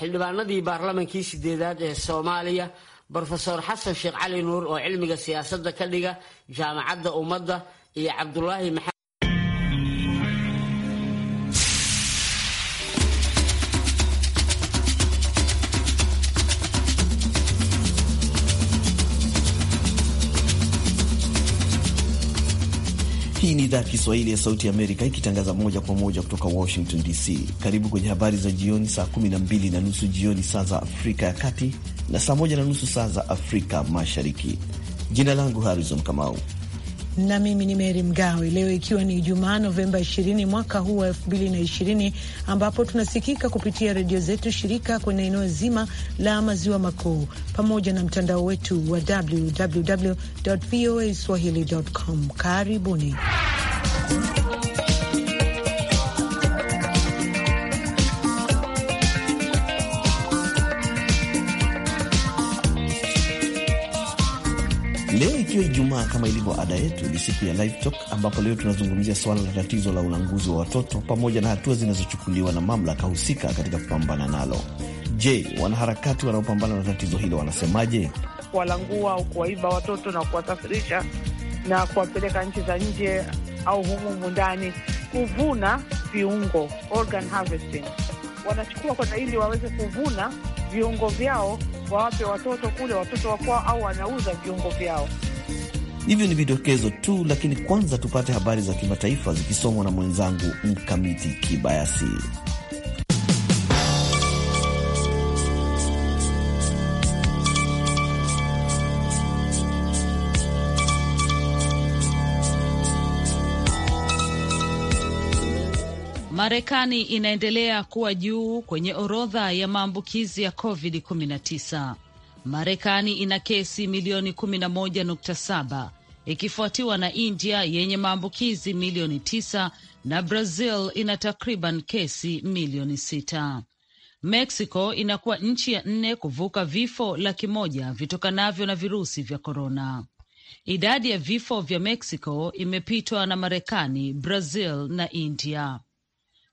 xildhibaanadii baarlamankii sideedaad ee soomaaliya brofesor xasan sheekh cali nuur oo cilmiga siyaasadda ka dhiga jaamacadda ummadda iyo cabdulaahi maxamed idhaa ya Kiswahili ya Sauti Amerika ikitangaza moja kwa moja kutoka Washington DC. Karibu kwenye habari za jioni, saa 12 na nusu jioni saa za Afrika ya Kati na saa 1 na nusu saa za Afrika Mashariki. Jina langu Harrison Kamau na mimi ni Meri Mgawe. Leo ikiwa ni Ijumaa, Novemba 20 mwaka huu wa 2020, ambapo tunasikika kupitia redio zetu shirika kwenye eneo zima la maziwa makuu pamoja na mtandao wetu wa www voa swahili com. Karibuni. Ikiwa Ijumaa kama ilivyo ada yetu, ni siku ya Live Talk ambapo leo tunazungumzia suala la tatizo la ulanguzi wa watoto pamoja na hatua zinazochukuliwa na mamlaka husika katika kupambana nalo. Je, wanaharakati wanaopambana na tatizo hilo wanasemaje? Kuwalangua au kuwaiba watoto na kuwasafirisha na kuwapeleka nchi za nje au humumu ndani, kuvuna viungo, organ harvesting, wanachukua kwenda ili waweze kuvuna viungo vyao wawape watoto kule watoto wakwao, au wanauza viungo vyao. Hivyo ni vidokezo tu, lakini kwanza tupate habari za kimataifa zikisomwa na mwenzangu Mkamiti Kibayasi. Marekani inaendelea kuwa juu kwenye orodha ya maambukizi ya COVID-19. Marekani ina kesi milioni 11.7 ikifuatiwa na India yenye maambukizi milioni tisa na Brazil ina takriban kesi milioni sita. Mexico inakuwa nchi ya nne kuvuka vifo laki moja vitokanavyo na virusi vya korona. Idadi ya vifo vya Mexico imepitwa na Marekani, Brazil na India.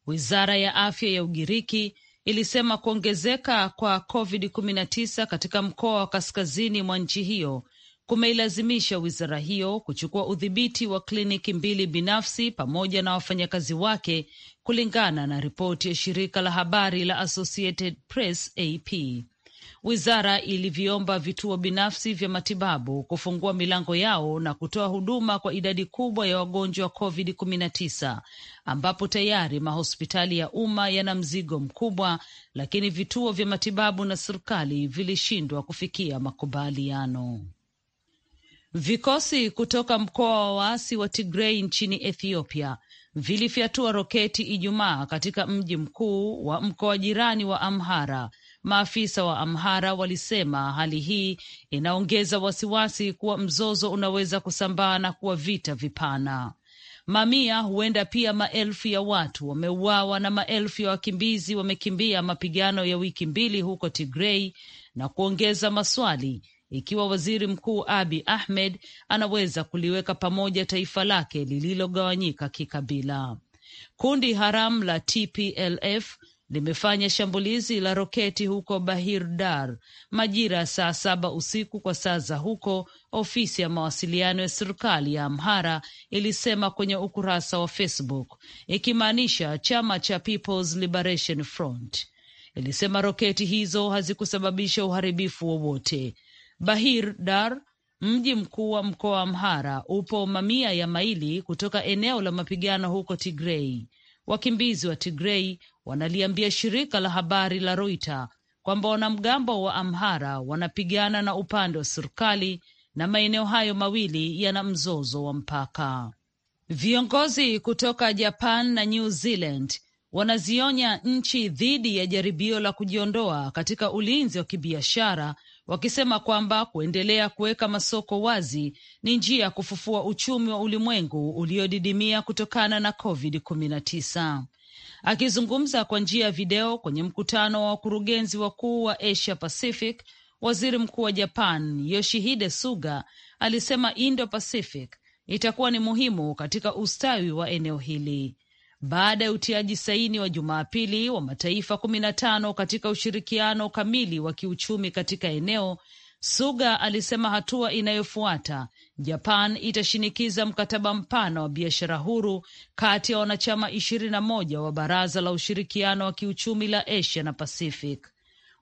Wizara ya afya ya Ugiriki ilisema kuongezeka kwa COVID-19 katika mkoa wa kaskazini mwa nchi hiyo kumeilazimisha wizara hiyo kuchukua udhibiti wa kliniki mbili binafsi pamoja na wafanyakazi wake, kulingana na ripoti ya shirika la habari la Associated Press AP. Wizara ilivyomba vituo binafsi vya matibabu kufungua milango yao na kutoa huduma kwa idadi kubwa ya wagonjwa wa COVID-19 ambapo tayari mahospitali ya umma yana mzigo mkubwa, lakini vituo vya matibabu na serikali vilishindwa kufikia makubaliano. Vikosi kutoka mkoa wa waasi wa Tigrei nchini Ethiopia vilifyatua roketi Ijumaa katika mji mkuu wa mkoa jirani wa Amhara. Maafisa wa Amhara walisema hali hii inaongeza wasiwasi kuwa mzozo unaweza kusambaa na kuwa vita vipana. Mamia huenda pia maelfu ya watu wameuawa na maelfu ya wakimbizi wamekimbia mapigano ya wiki mbili huko Tigrei na kuongeza maswali ikiwa waziri mkuu Abi Ahmed anaweza kuliweka pamoja taifa lake lililogawanyika kikabila. Kundi haramu la TPLF limefanya shambulizi la roketi huko Bahir Dar majira ya saa saba usiku kwa saa za huko, ofisi ya mawasiliano ya serikali ya Amhara ilisema kwenye ukurasa wa Facebook, ikimaanisha chama cha People's Liberation Front. Ilisema roketi hizo hazikusababisha uharibifu wowote, Bahir Dar, mji mkuu wa mkoa wa Amhara, upo mamia ya maili kutoka eneo la mapigano huko Tigrei. Wakimbizi wa Tigrei wanaliambia shirika la habari la Reuters kwamba wanamgambo wa Amhara wanapigana na upande wa serikali na maeneo hayo mawili yana mzozo wa mpaka. Viongozi kutoka Japan na New Zealand wanazionya nchi dhidi ya jaribio la kujiondoa katika ulinzi wa kibiashara wakisema kwamba kuendelea kuweka masoko wazi ni njia ya kufufua uchumi wa ulimwengu uliodidimia kutokana na COVID-19. Akizungumza kwa njia ya video kwenye mkutano wa wakurugenzi wakuu wa Asia Pacific, waziri mkuu wa Japan Yoshihide Suga alisema Indo Pacific itakuwa ni muhimu katika ustawi wa eneo hili baada ya utiaji saini wa Jumapili wa mataifa kumi na tano katika ushirikiano kamili wa kiuchumi katika eneo. Suga alisema hatua inayofuata Japan itashinikiza mkataba mpana wa biashara huru kati ya wanachama ishirini na moja wa Baraza la Ushirikiano wa Kiuchumi la Asia na Pacific.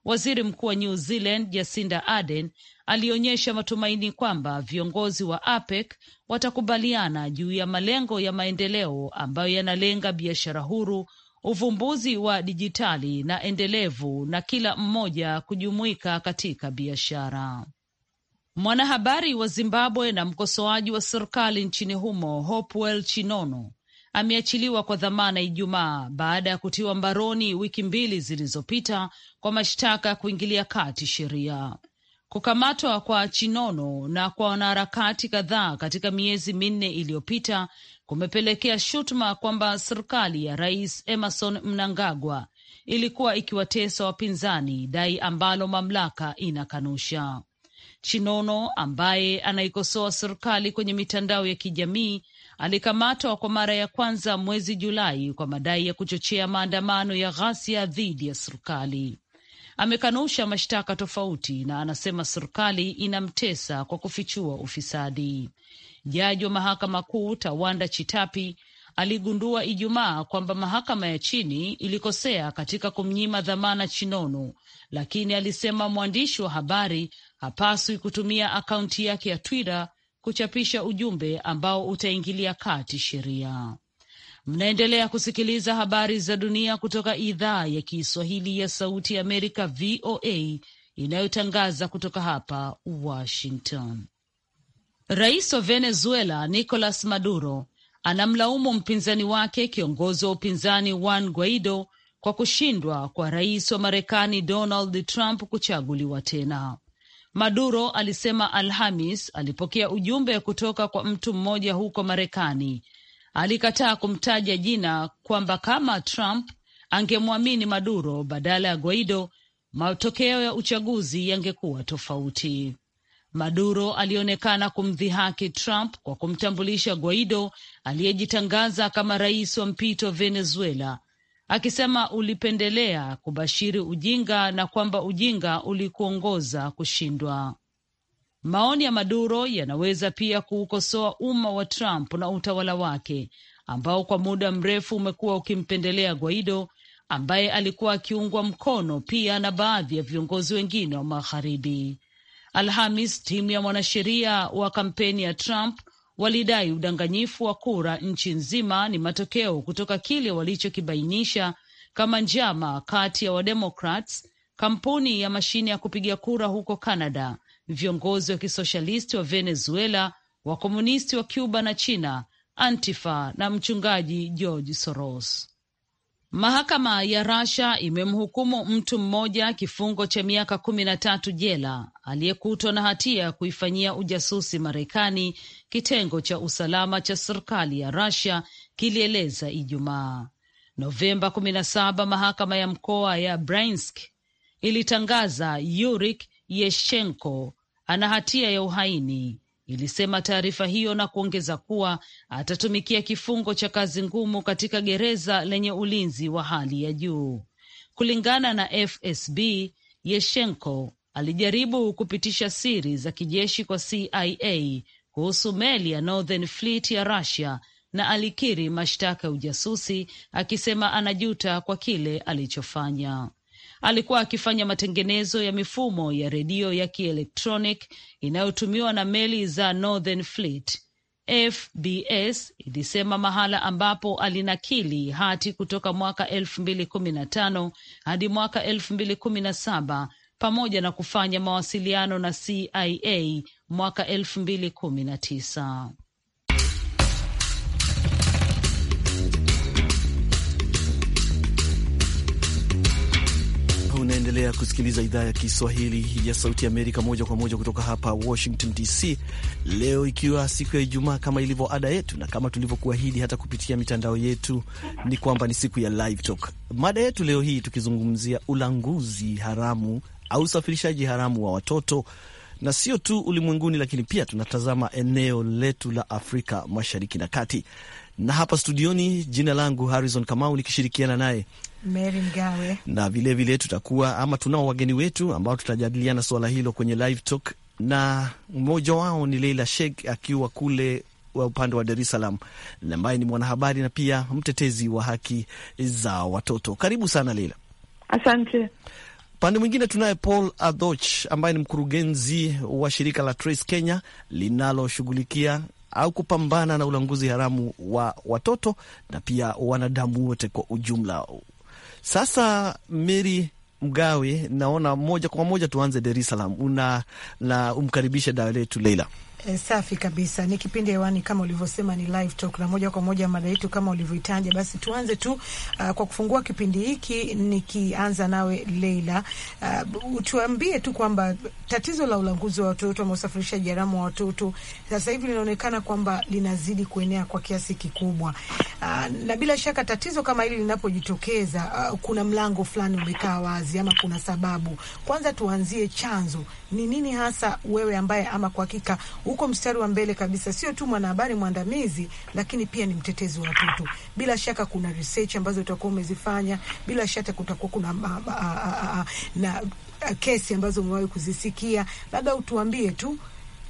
Waziri Mkuu wa New Zealand Jacinda Ardern alionyesha matumaini kwamba viongozi wa APEC watakubaliana juu ya malengo ya maendeleo ambayo yanalenga biashara huru, uvumbuzi wa dijitali na endelevu, na kila mmoja kujumuika katika biashara. Mwanahabari wa Zimbabwe na mkosoaji wa serikali nchini humo Hopewell Chinono ameachiliwa kwa dhamana Ijumaa baada ya kutiwa mbaroni wiki mbili zilizopita kwa mashtaka ya kuingilia kati sheria. Kukamatwa kwa Chinono na kwa wanaharakati kadhaa katika miezi minne iliyopita kumepelekea shutuma kwamba serikali ya Rais Emerson Mnangagwa ilikuwa ikiwatesa wapinzani, dai ambalo mamlaka inakanusha. Chinono ambaye anaikosoa serikali kwenye mitandao ya kijamii alikamatwa kwa mara ya kwanza mwezi Julai kwa madai ya kuchochea maandamano ya ghasia dhidi ya serikali. Amekanusha mashtaka tofauti na anasema serikali inamtesa kwa kufichua ufisadi. Jaji wa mahakama kuu Tawanda Chitapi aligundua Ijumaa kwamba mahakama ya chini ilikosea katika kumnyima dhamana Chinono, lakini alisema mwandishi wa habari hapaswi kutumia akaunti yake ya Twitter kuchapisha ujumbe ambao utaingilia kati sheria. Mnaendelea kusikiliza habari za dunia kutoka idhaa ya Kiswahili ya Sauti ya Amerika, VOA, inayotangaza kutoka hapa Washington. Rais wa Venezuela Nicolas Maduro anamlaumu mpinzani wake kiongozi wa upinzani Juan Guaido kwa kushindwa kwa rais wa Marekani Donald Trump kuchaguliwa tena. Maduro alisema Alhamis alipokea ujumbe kutoka kwa mtu mmoja huko Marekani. Alikataa kumtaja jina kwamba kama Trump angemwamini Maduro badala ya Guaido, matokeo ya uchaguzi yangekuwa tofauti. Maduro alionekana kumdhihaki Trump kwa kumtambulisha Guaido aliyejitangaza kama rais wa mpito Venezuela akisema ulipendelea kubashiri ujinga na kwamba ujinga ulikuongoza kushindwa. Maoni ya Maduro yanaweza pia kuukosoa umma wa Trump na utawala wake ambao kwa muda mrefu umekuwa ukimpendelea Guaido ambaye alikuwa akiungwa mkono pia na baadhi ya viongozi wengine wa Magharibi. Alhamis, timu ya mwanasheria wa kampeni ya Trump walidai udanganyifu wa kura nchi nzima ni matokeo kutoka kile walichokibainisha kama njama kati ya Wademokrats, kampuni ya mashine ya kupiga kura huko Canada, viongozi wa kisoshalisti wa Venezuela, wakomunisti wa Cuba na China, Antifa na mchungaji George Soros. Mahakama ya Rasha imemhukumu mtu mmoja kifungo cha miaka kumi na tatu jela aliyekutwa na hatia ya kuifanyia ujasusi Marekani kitengo cha usalama cha serikali ya Russia kilieleza Ijumaa. Novemba 17 mahakama ya mkoa ya Bryansk ilitangaza Yurik Yeshenko ana hatia ya uhaini, ilisema taarifa hiyo, na kuongeza kuwa atatumikia kifungo cha kazi ngumu katika gereza lenye ulinzi wa hali ya juu. Kulingana na FSB, Yeshenko alijaribu kupitisha siri za kijeshi kwa CIA kuhusu meli ya Northern Fleet ya Russia na alikiri mashtaka ya ujasusi akisema anajuta kwa kile alichofanya. Alikuwa akifanya matengenezo ya mifumo ya redio ya kielektronic inayotumiwa na meli za Northern Fleet. FBS ilisema mahala ambapo alinakili hati kutoka mwaka elfu mbili kumi na tano hadi mwaka elfu mbili kumi na saba pamoja na kufanya mawasiliano na CIA mwaka elfu mbili kumi na tisa. Unaendelea kusikiliza idhaa ya Kiswahili ya Sauti Amerika moja kwa moja kutoka hapa Washington DC, leo ikiwa siku ya Ijumaa kama ilivyo ada yetu, na kama tulivyokuahidi hata kupitia mitandao yetu, ni kwamba ni siku ya Live Talk. Mada yetu leo hii tukizungumzia ulanguzi haramu au usafirishaji haramu wa watoto na sio tu ulimwenguni, lakini pia tunatazama eneo letu la Afrika Mashariki na Kati. Na hapa studioni, jina langu Harrison Kamau nikishirikiana naye Mary Mgawe, na vilevile vile tutakuwa ama tunao wageni wetu ambao tutajadiliana suala hilo kwenye live talk, na mmoja wao ni Leila Sheikh akiwa kule wa upande wa Dar es Salaam ambaye ni mwanahabari na pia mtetezi wa haki za watoto. Karibu sana Leila. Asante. Upande mwingine tunaye Paul Adhoch ambaye ni mkurugenzi wa shirika la Trace Kenya linaloshughulikia au kupambana na ulanguzi haramu wa watoto na pia wanadamu wote kwa ujumla. Sasa Mary Mgawe, naona moja kwa moja tuanze Dar es Salaam, una na umkaribishe dawa letu Leila. Eh, safi kabisa. Ni kipindi hewani kama ulivyosema, ni live talk na moja kwa moja mada yetu kama ulivyoitaja. Basi tuanze tu uh, kwa kufungua kipindi hiki nikianza nawe Leila, uh, tuambie tu kwamba tatizo la ulanguzi wa watoto ama usafirishaji haramu wa watoto sasa hivi linaonekana kwamba linazidi kuenea kwa kiasi kikubwa, uh, na bila shaka tatizo kama hili linapojitokeza, uh, kuna mlango fulani umekaa wazi ama kuna sababu. Kwanza tuanzie chanzo, ni nini hasa wewe ambaye ama kwa hakika huko mstari wa mbele kabisa, sio tu mwanahabari mwandamizi, lakini pia ni mtetezi wa watoto. Bila shaka kuna research ambazo utakuwa umezifanya, bila shaka kutakuwa kuna a, a, a, a, na a, kesi ambazo umewahi kuzisikia, labda utuambie tu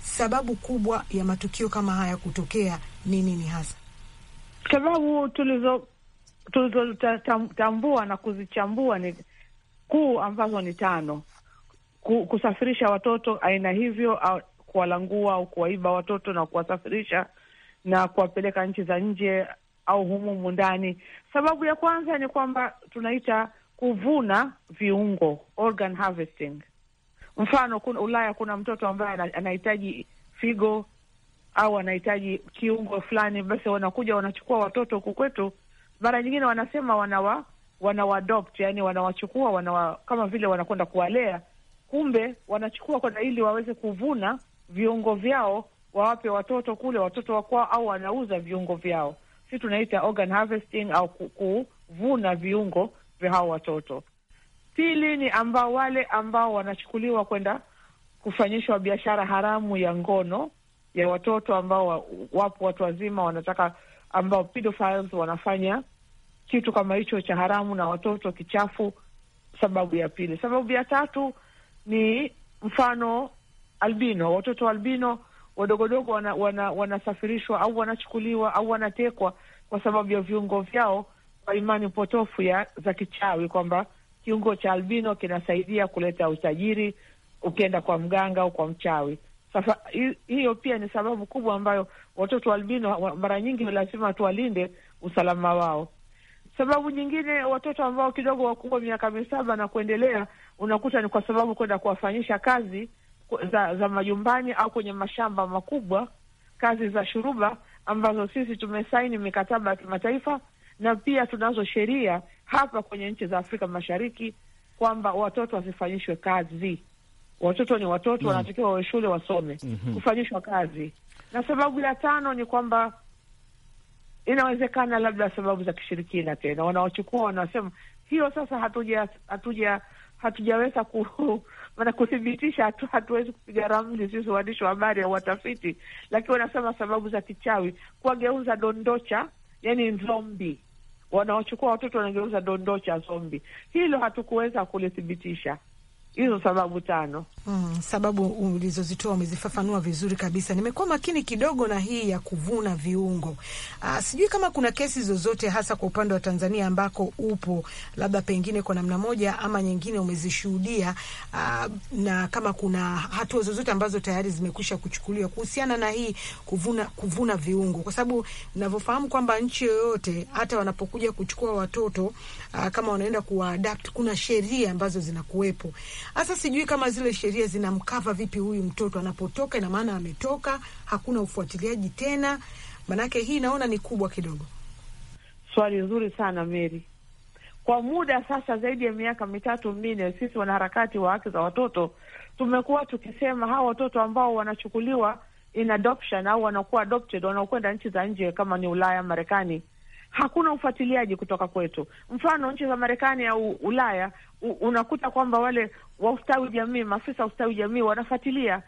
sababu kubwa ya matukio kama haya kutokea ni nini hasa? Sababu tulizo tulizotambua na kuzichambua ni kuu ambazo ni tano: kusafirisha watoto aina hivyo kuwalangua au kuwaiba watoto na kuwasafirisha na kuwapeleka nchi za nje au humu humu ndani. Sababu ya kwanza ni kwamba tunaita kuvuna viungo, organ harvesting. Mfano, kuna Ulaya kuna mtoto ambaye anahitaji figo au anahitaji kiungo fulani, basi wanakuja wanachukua watoto huku kwetu. Mara nyingine wanasema wanawa wanawadopt, yani wanawachukua wanawa, kama vile wanakwenda kuwalea, kumbe wanachukua kwenda ili waweze kuvuna viungo vyao wawape watoto kule, watoto wakwao, au wanauza viungo vyao. Si tunaita organ harvesting au kuvuna viungo vya hao watoto. Pili ni ambao wale ambao wanachukuliwa kwenda kufanyishwa biashara haramu ya ngono ya watoto ambao wapo watu wazima wanataka, ambao pedophiles wanafanya kitu kama hicho cha haramu na watoto kichafu. Sababu ya pili. Sababu ya tatu ni mfano albino, watoto albino wadogodogo wanasafirishwa wana, wana au wanachukuliwa au wanatekwa kwa sababu ya viungo vyao, kwa imani potofu ya za kichawi kwamba kiungo cha albino kinasaidia kuleta utajiri ukienda kwa mganga au kwa mchawi. Sasa hiyo pia ni sababu kubwa ambayo watoto albino mara nyingi lazima tuwalinde usalama wao. Sababu nyingine, watoto ambao kidogo wakubwa miaka misaba na kuendelea, unakuta ni kwa sababu kwenda kuwafanyisha kazi za, za majumbani au kwenye mashamba makubwa, kazi za shuruba ambazo sisi tumesaini mikataba ya kimataifa na pia tunazo sheria hapa kwenye nchi za Afrika Mashariki kwamba watoto wasifanyishwe kazi. Watoto ni watoto, mm. wanatakiwa wawe shule, wasome, mhm. kufanyishwa kazi. Na sababu ya tano ni kwamba inawezekana labda sababu za kishirikina, tena wanaochukua wanasema hiyo sasa hatuja hatuja hatujaweza ku maana kuthibitisha hatu, hatuwezi kupiga ramli sisi waandishi wa habari au watafiti, lakini wanasema sababu za kichawi kuwageuza dondocha, yani zombi, wanaochukua watoto wanageuza dondocha zombi. Hilo hatukuweza kulithibitisha. Hizo sababu tano. Mm, sababu ulizozitoa umezifafanua vizuri kabisa. Nimekuwa makini kidogo na hii ya kuvuna viungo. Aa, ah, sijui kama kuna kesi zozote hasa kwa upande wa Tanzania ambako upo labda pengine kwa namna moja ama nyingine umezishuhudia, ah, na kama kuna hatua zozote ambazo tayari zimekwisha kuchukuliwa kuhusiana na hii kuvuna, kuvuna viungo, kwa sababu ninavyofahamu kwamba nchi yoyote hata wanapokuja kuchukua watoto aa, ah, kama wanaenda kuwaadapt kuna sheria ambazo zinakuwepo. Sasa sijui kama zile sheria sheria zinamkava vipi huyu mtoto anapotoka? Ina maana ametoka, hakuna ufuatiliaji tena, manake hii naona ni kubwa kidogo. Swali nzuri sana Mary. Kwa muda sasa zaidi ya miaka mitatu minne, sisi wanaharakati wa haki za watoto tumekuwa tukisema hawa watoto ambao wanachukuliwa in adoption au wanakuwa adopted wanaokwenda nchi za nje kama ni Ulaya, Marekani, hakuna ufuatiliaji kutoka kwetu. Mfano nchi za Marekani au Ulaya u, unakuta kwamba wale wa ustawi jamii, maafisa wa ustawi jamii wanafuatilia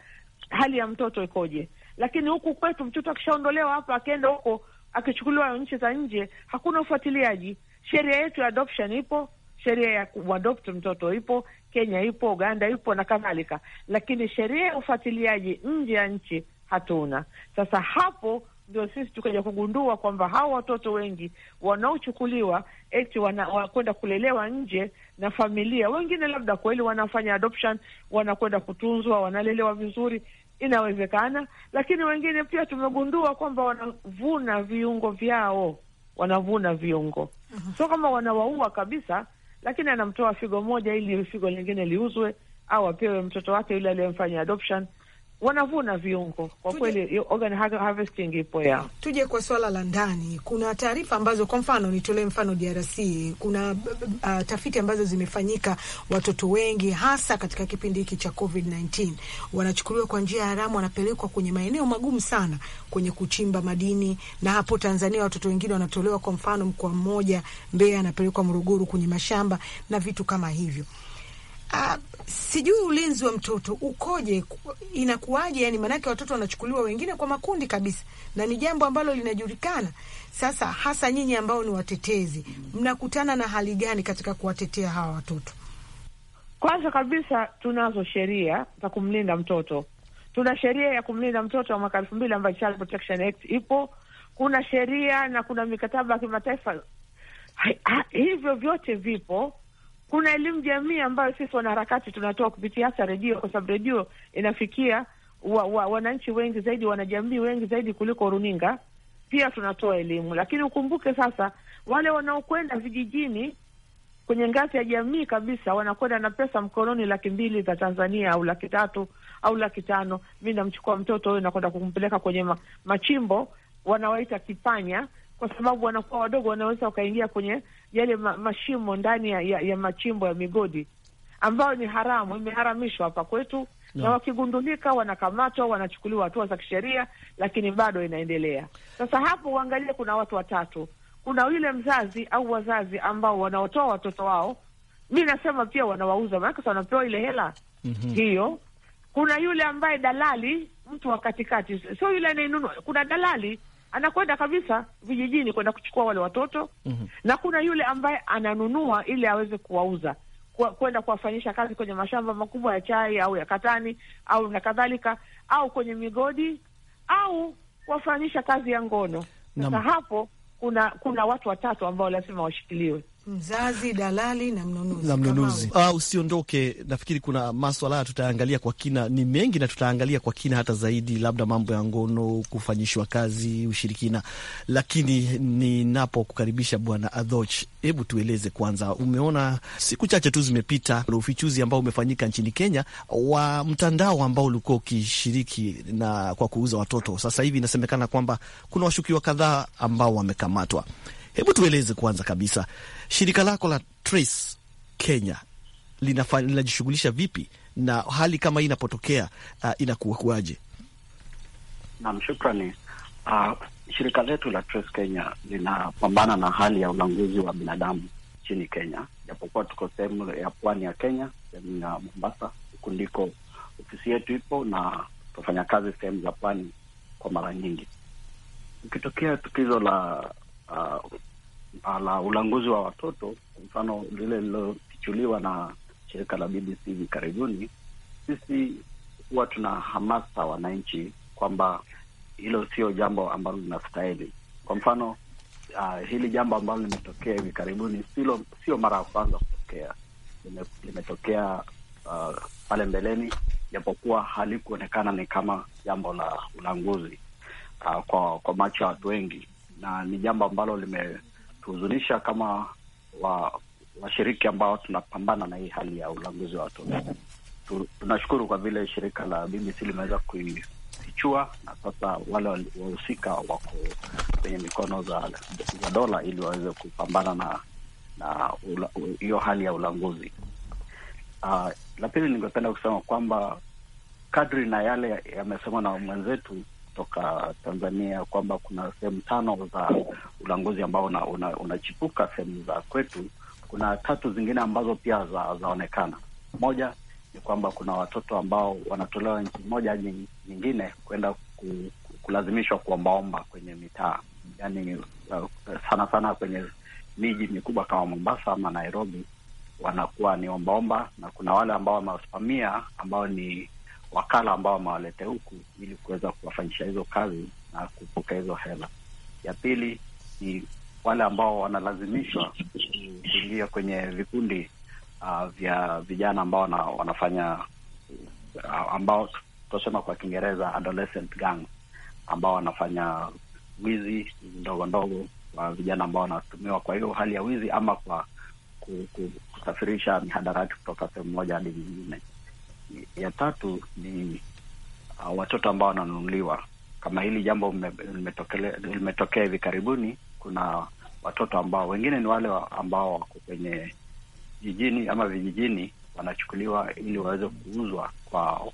hali ya mtoto ikoje, lakini huku kwetu mtoto akishaondolewa hapa akienda huko akichukuliwa nchi za nje, hakuna ufuatiliaji. Sheria yetu ya adoption ipo, sheria ya kuadopt mtoto ipo, Kenya ipo, Uganda ipo na kadhalika, lakini sheria ya ufuatiliaji nje ya nchi hatuna. Sasa hapo ndio sisi tukaja kugundua kwamba hawa watoto wengi wanaochukuliwa eti wanakwenda kulelewa nje na familia, wengine labda kweli wanafanya adoption, wanakwenda kutunzwa, wanalelewa vizuri, inawezekana, lakini wengine pia tumegundua kwamba wanavuna viungo vyao, wanavuna viungo, mhm. so kama wanawaua kabisa, lakini anamtoa figo moja ili figo lingine liuzwe au apewe mtoto wake yule aliyemfanya adoption wanavuna viungo kwa kweli, organ harvesting ipo ya. Tuje kwa swala la ndani, kuna taarifa ambazo, kwa mfano nitolee mfano DRC, kuna uh, tafiti ambazo zimefanyika, watoto wengi hasa katika kipindi hiki cha COVID-19 wanachukuliwa kwa njia ya haramu, wanapelekwa kwenye maeneo magumu sana kwenye kuchimba madini, na hapo Tanzania watoto wengine wanatolewa, kwa mfano mkoa mmoja Mbeya anapelekwa Morogoro kwenye mashamba na vitu kama hivyo. Ah, sijui ulinzi wa mtoto ukoje, inakuwaje? Yani maanake watoto wanachukuliwa wengine kwa makundi kabisa, na ni jambo ambalo linajulikana. Sasa hasa nyinyi ambao ni watetezi, mnakutana na hali gani katika kuwatetea hawa watoto? Kwanza kabisa tunazo sheria za kumlinda mtoto. Tuna sheria ya kumlinda mtoto wa mwaka elfu mbili ambayo Child Protection Act ipo. Kuna sheria na kuna mikataba ya kimataifa, hivyo vyote vipo kuna elimu jamii ambayo sisi wanaharakati tunatoa kupitia hasa redio, kwa sababu redio inafikia wa, wa, wananchi wengi zaidi, wanajamii wengi zaidi kuliko runinga. Pia tunatoa elimu, lakini ukumbuke sasa, wale wanaokwenda vijijini kwenye ngazi ya jamii kabisa, wanakwenda na pesa mkononi, laki mbili za Tanzania au laki tatu au laki tano. Mi namchukua mtoto huyo nakwenda kumpeleka kwenye machimbo wanawaita kipanya kwa sababu wanakuwa wadogo, wanaweza wakaingia kwenye yale ma mashimo ndani ya, ya, ya machimbo ya migodi ambayo ni haramu, imeharamishwa hapa kwetu no. Na wakigundulika wanakamatwa, wanachukuliwa hatua za kisheria, lakini bado inaendelea. Sasa hapo uangalie, kuna watu watatu, kuna yule mzazi au wazazi ambao wanaotoa watoto wao, mi nasema pia wanawauza, maanake wanapewa ile hela mm -hmm. hiyo. Kuna yule ambaye dalali, mtu wa katikati, sio yule anayenunua, kuna dalali anakwenda kabisa vijijini kwenda kuchukua wale watoto mm -hmm. na kuna yule ambaye ananunua ili aweze kuwauza kwenda kuwafanyisha kazi kwenye mashamba makubwa ya chai au ya katani au na kadhalika, au kwenye migodi au kuwafanyisha kazi ya ngono. Sasa hapo kuna kuna watu watatu ambao lazima washikiliwe mzazi, dalali na mnunuzi na mnunuzi. Uh, usiondoke. Nafikiri kuna maswala tutaangalia kwa kina, ni mengi na tutaangalia kwa kina hata zaidi, labda mambo ya ngono, kufanyishwa kazi, ushirikina. Lakini ninapokukaribisha Bwana Adhoch, hebu tueleze kwanza, umeona siku chache tu zimepita na ufichuzi ambao umefanyika nchini Kenya wa mtandao ambao ulikuwa ukishiriki na kwa kuuza watoto. Sasa hivi inasemekana kwamba kuna washukiwa kadhaa ambao wamekamatwa. Hebu tueleze kwanza kabisa shirika lako la Trace Kenya linajishughulisha vipi na hali kama hii inapotokea, uh, inakuwakuwaje? Naam, shukrani. Uh, shirika letu la Trace Kenya linapambana na hali ya ulanguzi wa binadamu nchini Kenya, japokuwa tuko sehemu ya pwani ya Kenya, sehemu ya Mombasa, huku ndiko ofisi yetu ipo na tunafanya kazi sehemu za pwani kwa mara nyingi. Ukitokea tukizo la uh, Ah, la ulanguzi wa watoto, kwa mfano lile lilofichuliwa na shirika la BBC hivi karibuni, sisi huwa tuna hamasa wananchi kwamba hilo sio jambo ambalo linastahili. Kwa mfano uh, hili jambo ambalo limetokea hivi karibuni silo, sio mara ya kwanza kutokea, limetokea uh, pale mbeleni, japokuwa halikuonekana ni kama jambo la ulanguzi uh, kwa, kwa macho ya watu wengi, na ni jambo ambalo lime kutuhuzunisha kama washiriki wa ambao tunapambana na hii hali ya ulanguzi wa watoto. Tunashukuru kwa vile shirika la BBC limeweza kuifichua na sasa wale wahusika wako kwenye mikono za, za dola ili waweze kupambana na na hiyo hali ya ulanguzi. Uh, la pili ningependa kusema kwamba kadri na yale yamesema na mwenzetu kutoka Tanzania kwamba kuna sehemu tano za ulanguzi ambao unachipuka una, una sehemu za kwetu. Kuna tatu zingine ambazo pia zaonekana za moja ni kwamba kuna watoto ambao wanatolewa nchi moja hadi nyingine kwenda kulazimishwa kuombaomba kwenye mitaa, yani uh, sana sana kwenye miji mikubwa kama Mombasa ama Nairobi, wanakuwa ni ombaomba, na kuna wale ambao wamewasimamia ambao ni wakala ambao wamewalete huku ili kuweza kuwafanyisha hizo kazi na kupokea hizo hela. Ya pili ni wale ambao wanalazimishwa kuingia kwenye vikundi uh, vya vijana ambao wana, wanafanya uh, ambao tutasema kwa Kiingereza adolescent gang ambao wanafanya wizi ndogo ndogo kwa vijana ambao wanatumiwa kwa hiyo hali ya wizi ama kwa kusafirisha mihadarati kutoka sehemu moja hadi nyingine ya tatu ni uh, watoto ambao wananunuliwa. Kama hili jambo limetokea hivi karibuni, kuna watoto ambao wengine ni wale ambao wako kwenye jijini ama vijijini, wanachukuliwa ili waweze kuuzwa kwa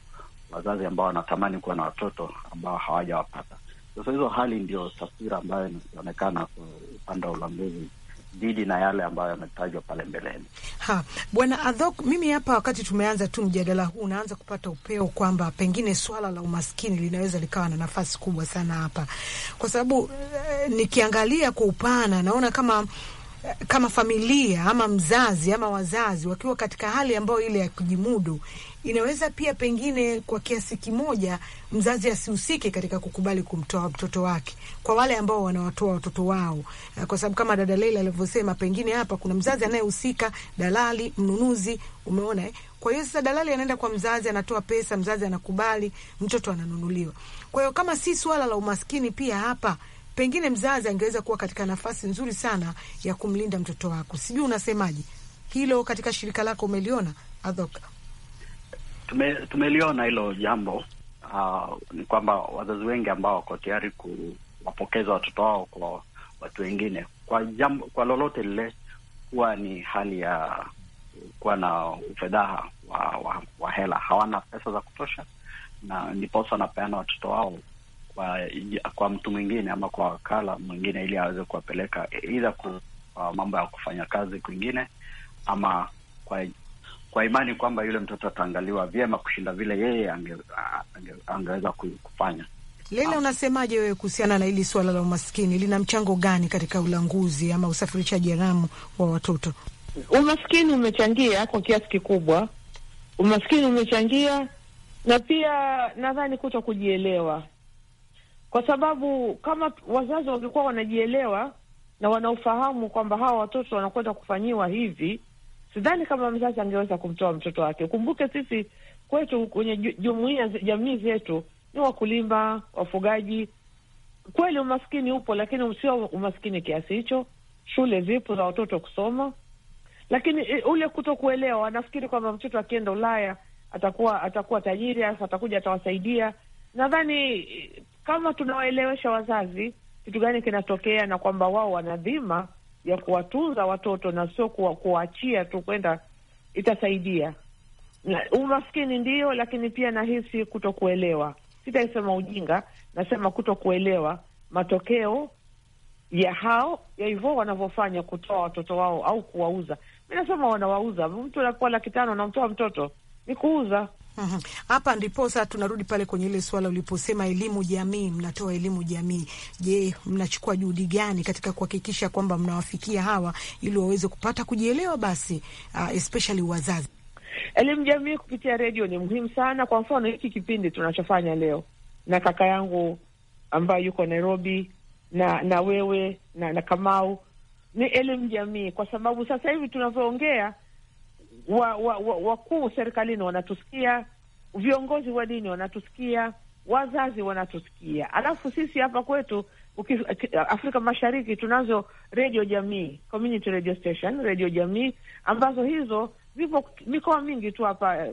wazazi ambao wanatamani kuwa na watoto ambao hawajawapata. Sasa hizo hali ndio taswira ambayo inaonekana kwa upande wa ulanguzi dhidi na yale ambayo yametajwa pale mbeleni. Ha, Bwana Adhok, mimi hapa wakati tumeanza tu mjadala huu unaanza kupata upeo kwamba pengine swala la umaskini linaweza likawa na nafasi kubwa sana hapa, kwa sababu eh, nikiangalia kwa upana naona kama eh, kama familia ama mzazi ama wazazi wakiwa katika hali ambayo ile ya kujimudu inaweza pia pengine kwa kiasi kimoja mzazi asihusike katika kukubali kumtoa mtoto wake, kwa wale ambao wanawatoa watoto wao, eh, kwa sababu kama dada Leila alivyosema, pengine hapa kuna mzazi anayehusika, dalali, mnunuzi, umeona eh? Kwa hiyo sasa dalali anaenda kwa mzazi, anatoa pesa, mzazi anakubali, mtoto ananunuliwa. Kwa hiyo kama si swala la umaskini pia hapa pengine mzazi angeweza kuwa katika nafasi nzuri sana ya kumlinda mtoto wako. Sijui unasemaje hilo, katika shirika lako umeliona Adhoka? tume, tumeliona hilo jambo uh, ni kwamba wazazi wengi ambao wako tayari kuwapokeza watoto wao kwa watu wengine kwa jambo, kwa lolote lile, huwa ni hali ya kuwa na ufedhaha wa, wa, wa hela. Hawana pesa za kutosha, na ndiposa wanapeana watoto wao kwa, kwa mtu mwingine ama kwa wakala mwingine, ili aweze kuwapeleka idha kwa mambo ya kufanya kazi kwingine ama kwa kwa imani kwamba yule mtoto ataangaliwa vyema kushinda vile yeye ange, ange, angeweza kufanya. lela ah. unasemaje wewe kuhusiana na hili suala la umaskini, lina mchango gani katika ulanguzi ama usafirishaji haramu wa watoto? Umaskini umechangia kwa kiasi kikubwa, umaskini umechangia na pia nadhani kuto kujielewa, kwa sababu kama wazazi wangekuwa wanajielewa na wanaofahamu kwamba hawa watoto wanakwenda kufanyiwa hivi sidhani kama mzazi angeweza kumtoa mtoto wake. Ukumbuke sisi kwetu kwenye jumuia jamii zetu ni wakulima, wafugaji. Kweli umaskini upo, lakini usio umaskini kiasi hicho. Shule zipo za watoto kusoma, lakini e, ule kuto kuelewa, wanafikiri kwamba mtoto akienda Ulaya atakuwa atakuwa tajiri, alafu atakuja atawasaidia. Nadhani e, kama tunawaelewesha wazazi kitu gani kinatokea na kwamba wao wanadhima ya kuwatunza watoto na sio kuwaachia tu kwenda, itasaidia na umaskini ndiyo, lakini pia nahisi kutokuelewa. Sitaisema ujinga, nasema kutokuelewa matokeo ya hao ya hivyo wanavyofanya kutoa watoto wao au kuwauza. Mi nasema wanawauza, mtu anakuwa laki tano anamtoa mtoto ni kuuza. Mhm. hapa mm -hmm. Ndipo sasa tunarudi pale kwenye ile swala uliposema elimu jamii, mnatoa elimu jamii. Je, mnachukua juhudi gani katika kuhakikisha kwamba mnawafikia hawa ili waweze kupata kujielewa, basi uh, especially wazazi? Elimu jamii kupitia redio ni muhimu sana. Kwa mfano hiki kipindi tunachofanya leo na kaka yangu ambaye yuko Nairobi na na wewe na, na Kamau ni elimu jamii, kwa sababu sasa hivi tunavyoongea wakuu wa, wa, wakuu serikalini wanatusikia, viongozi wa dini wanatusikia, wazazi wanatusikia. Alafu sisi hapa kwetu uki, Afrika Mashariki tunazo redio jamii, community radio station, redio jamii ambazo hizo zipo mikoa mingi tu hapa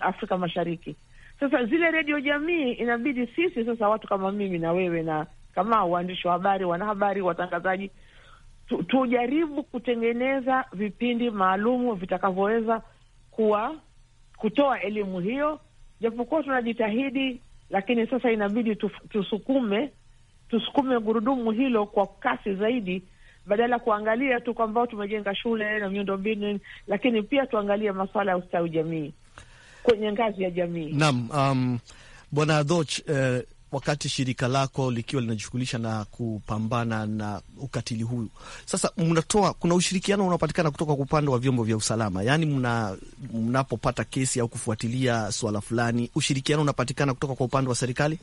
Afrika Mashariki. Sasa zile redio jamii inabidi sisi sasa, watu kama mimi na wewe na kama waandishi wa habari, wanahabari, watangazaji tu, tujaribu kutengeneza vipindi maalumu vitakavyoweza kuwa kutoa elimu hiyo, japokuwa tunajitahidi, lakini sasa inabidi tuf, tusukume tusukume gurudumu hilo kwa kasi zaidi, badala ya kuangalia tu kwamba tumejenga shule na miundombinu, lakini pia tuangalie masuala ya ustawi jamii kwenye ngazi ya jamii. Naam, um, Bwana Doch, uh, eh, wakati shirika lako likiwa linajishughulisha na kupambana na ukatili huu. Sasa mnatoa, kuna ushirikiano unaopatikana kutoka kwa upande wa vyombo vya usalama, yaani mna, mnapopata kesi au kufuatilia swala fulani, ushirikiano unapatikana kutoka kwa upande wa serikali?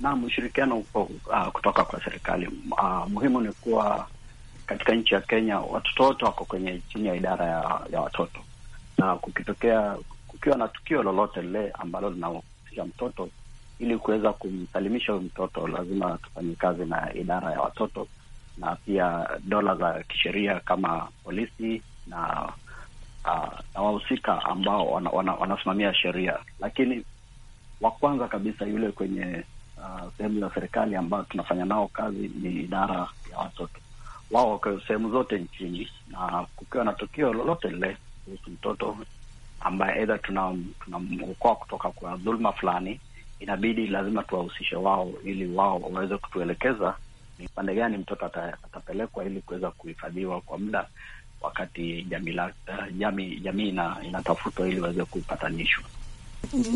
Naam, ushirikiano upo uh, kutoka kwa serikali. Uh, muhimu ni kuwa katika nchi ya Kenya watoto wote wako kwenye chini ya idara ya, ya watoto, na kukitokea kukiwa na tukio lolote lile ambalo linahusisha mtoto ili kuweza kumsalimisha huyu mtoto lazima tufanye kazi na idara ya watoto na pia dola za kisheria kama polisi na uh, na wahusika ambao wanasimamia wana, wana sheria. Lakini wa kwanza kabisa yule kwenye ah, sehemu za serikali ambao tunafanya nao kazi ni idara ya watoto. Wao wako sehemu zote nchini, na kukiwa na tukio lolote lile kuhusu mtoto ambaye aidha tunamokoa tuna kutoka kwa dhuluma fulani inabidi lazima tuwahusishe wao ili wao waweze kutuelekeza ni pande gani mtoto atapelekwa ili kuweza kuhifadhiwa kwa muda wakati jamii uh, jamii ina, inatafutwa ili waweze kupatanishwa.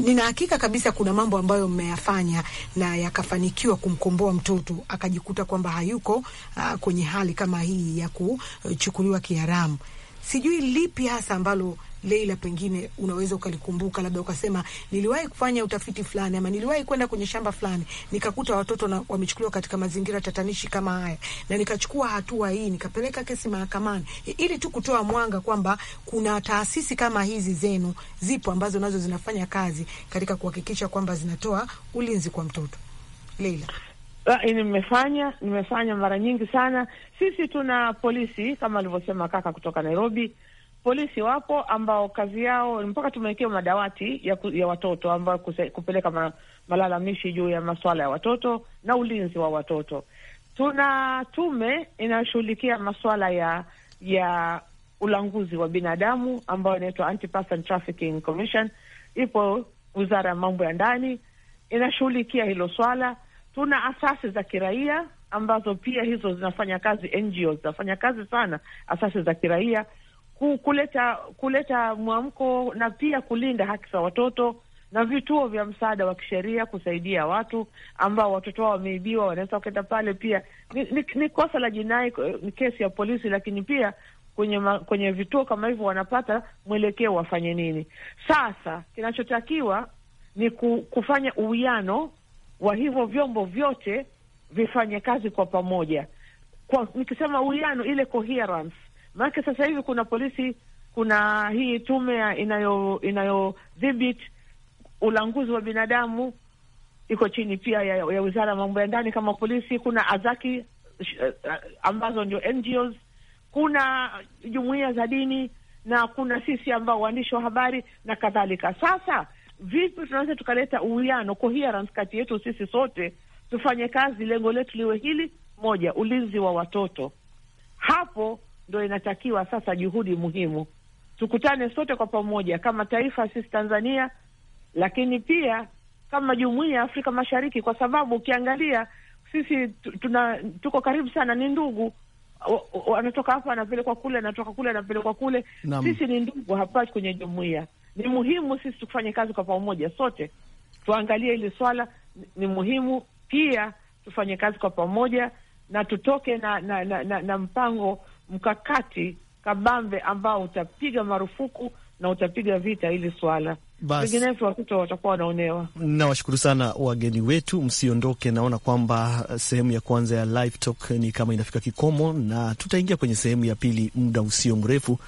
Nina hakika kabisa kuna mambo ambayo mmeyafanya na yakafanikiwa kumkomboa mtoto akajikuta kwamba hayuko uh, kwenye hali kama hii ya kuchukuliwa kiharamu sijui lipi hasa ambalo Leila, pengine unaweza ukalikumbuka, labda ukasema niliwahi kufanya utafiti fulani ama niliwahi kwenda kwenye shamba fulani nikakuta watoto na wamechukuliwa katika mazingira tatanishi kama haya, na nikachukua hatua hii, nikapeleka kesi mahakamani, ili tu kutoa mwanga kwamba kuna taasisi kama hizi zenu zipo ambazo nazo zinafanya kazi katika kuhakikisha kwamba zinatoa ulinzi kwa mtoto. Leila. Ah, eh, nimefanya, nimefanya mara nyingi sana. Sisi tuna polisi kama alivyosema kaka kutoka Nairobi. Polisi wapo ambao kazi yao mpaka tumewekewa madawati ya, ku, ya watoto ambayo kuse, kupeleka ma, malalamishi juu ya masuala ya watoto na ulinzi wa watoto. Tuna tume inayoshughulikia masuala ya ya ulanguzi wa binadamu ambayo inaitwa Anti-Person Trafficking Commission, ipo wizara ya mambo ya ndani inashughulikia hilo swala tuna asasi za kiraia ambazo pia hizo zinafanya kazi, NGO zinafanya kazi sana, asasi za kiraia kuleta kuleta mwamko na pia kulinda haki za watoto na vituo vya msaada wa kisheria kusaidia watu ambao watoto wao wameibiwa, wanaweza ukaenda pale. Pia ni, ni, ni kosa la jinai, ni kesi ya polisi, lakini pia kwenye ma, kwenye vituo kama hivyo wanapata mwelekeo wafanye nini. Sasa kinachotakiwa ni kufanya uwiano wa hivyo vyombo vyote vifanye kazi kwa pamoja, kwa nikisema uwiano, ile coherence. Maanake sasa hivi kuna polisi, kuna hii tume inayo inayodhibiti ulanguzi wa binadamu iko chini pia ya, ya wizara ya mambo ya ndani kama polisi. Kuna Azaki eh, eh, ambazo ndio NGOs, kuna jumuiya za dini na kuna sisi ambao waandishi wa habari na kadhalika. Sasa vipi tunaweza tukaleta uwiano, coherence kati yetu sisi sote, tufanye kazi, lengo letu liwe hili moja, ulinzi wa watoto. Hapo ndo inatakiwa sasa juhudi muhimu, tukutane sote kwa pamoja kama taifa sisi Tanzania, lakini pia kama jumuiya ya Afrika Mashariki, kwa sababu ukiangalia sisi tuna tuko karibu sana, ni ndugu wanatoka hapa, anapelekwa kule, anatoka kule, anapelekwa kule. Sisi ni ndugu hapa kwenye jumuiya. Ni muhimu sisi tufanye kazi kwa pamoja sote, tuangalie hili swala. Ni muhimu pia tufanye kazi kwa pamoja na tutoke na, na, na, na, na mpango mkakati kabambe ambao utapiga marufuku na utapiga vita hili swala vinginevyo watoto watakuwa wanaonewa. Nawashukuru sana wageni wetu, msiondoke. Naona kwamba uh, sehemu ya kwanza ya live talk ni kama inafika kikomo, na tutaingia kwenye sehemu ya pili muda usio mrefu,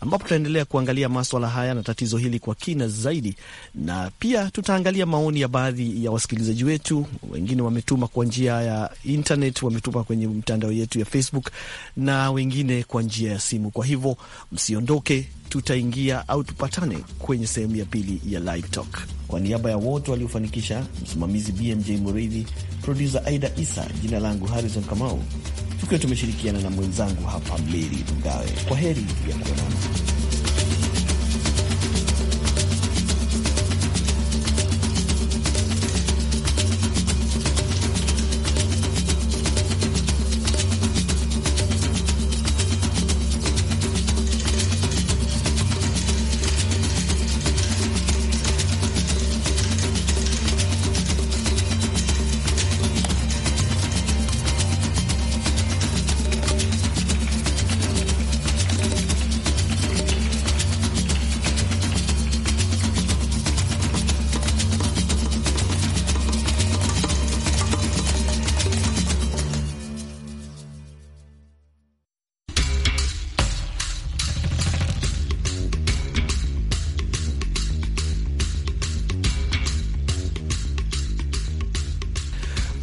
ambapo tutaendelea kuangalia maswala haya na tatizo hili kwa kina zaidi, na pia tutaangalia maoni ya baadhi ya wasikilizaji wetu. Wengine wametuma kwa njia ya internet, wametuma kwenye mtandao yetu ya Facebook na wengine kwa njia ya simu. Kwa hivyo msiondoke, tutaingia au tupatane kwenye sehemu ya pili ya Live Talk. Kwa niaba ya wote waliofanikisha, msimamizi BMJ Muridhi, produsa Aida Isa, jina langu Harrison Kamau, tukiwa tumeshirikiana na mwenzangu hapa Meri Mgawe. Kwa heri ya kuonana.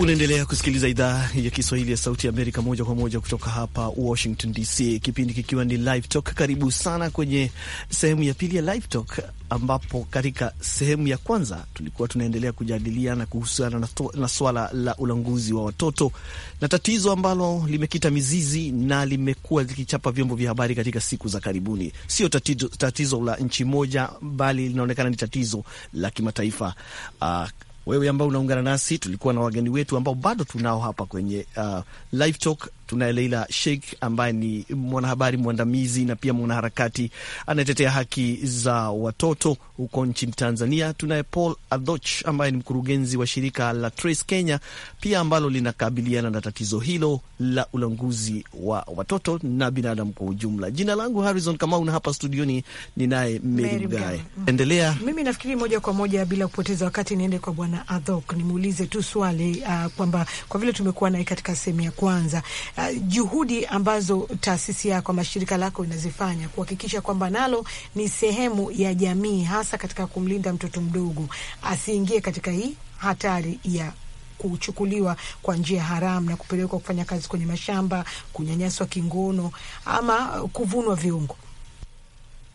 Unaendelea kusikiliza idhaa ya Kiswahili ya Sauti ya Amerika moja kwa moja kutoka hapa Washington DC, kipindi kikiwa ni Live Talk. Karibu sana kwenye sehemu ya pili ya Live Talk, ambapo katika sehemu ya kwanza tulikuwa tunaendelea kujadiliana kuhusiana na, na swala la ulanguzi wa watoto na tatizo ambalo limekita mizizi na limekuwa likichapa vyombo vya habari katika siku za karibuni. Sio tatizo, tatizo la nchi moja, bali linaonekana ni tatizo la kimataifa. Uh, wewe ambao unaungana nasi. Tulikuwa na wageni wetu ambao bado tunao hapa kwenye uh, live talk Tunaye Leila Sheikh ambaye ni mwanahabari mwandamizi na pia mwanaharakati anayetetea haki za watoto huko nchini Tanzania. Tunaye Paul Adhoch ambaye ni mkurugenzi wa shirika la Trace Kenya pia ambalo linakabiliana na tatizo hilo la ulanguzi wa watoto na binadamu kwa ujumla. Jina langu Harrison Kamau na hapa studioni ninaye Meri Mgae. Mm. Endelea. Mimi nafikiri moja kwa moja bila kupoteza wakati niende kwa Bwana Adhok nimuulize tu swali uh, kwamba kwa vile tumekuwa naye katika sehemu ya kwanza uh, juhudi ambazo taasisi yako mashirika lako inazifanya kuhakikisha kwamba nalo ni sehemu ya jamii, hasa katika kumlinda mtoto mdogo asiingie katika hii hatari ya kuchukuliwa kwa njia haramu na kupelekwa kufanya kazi kwenye mashamba, kunyanyaswa kingono ama kuvunwa viungo?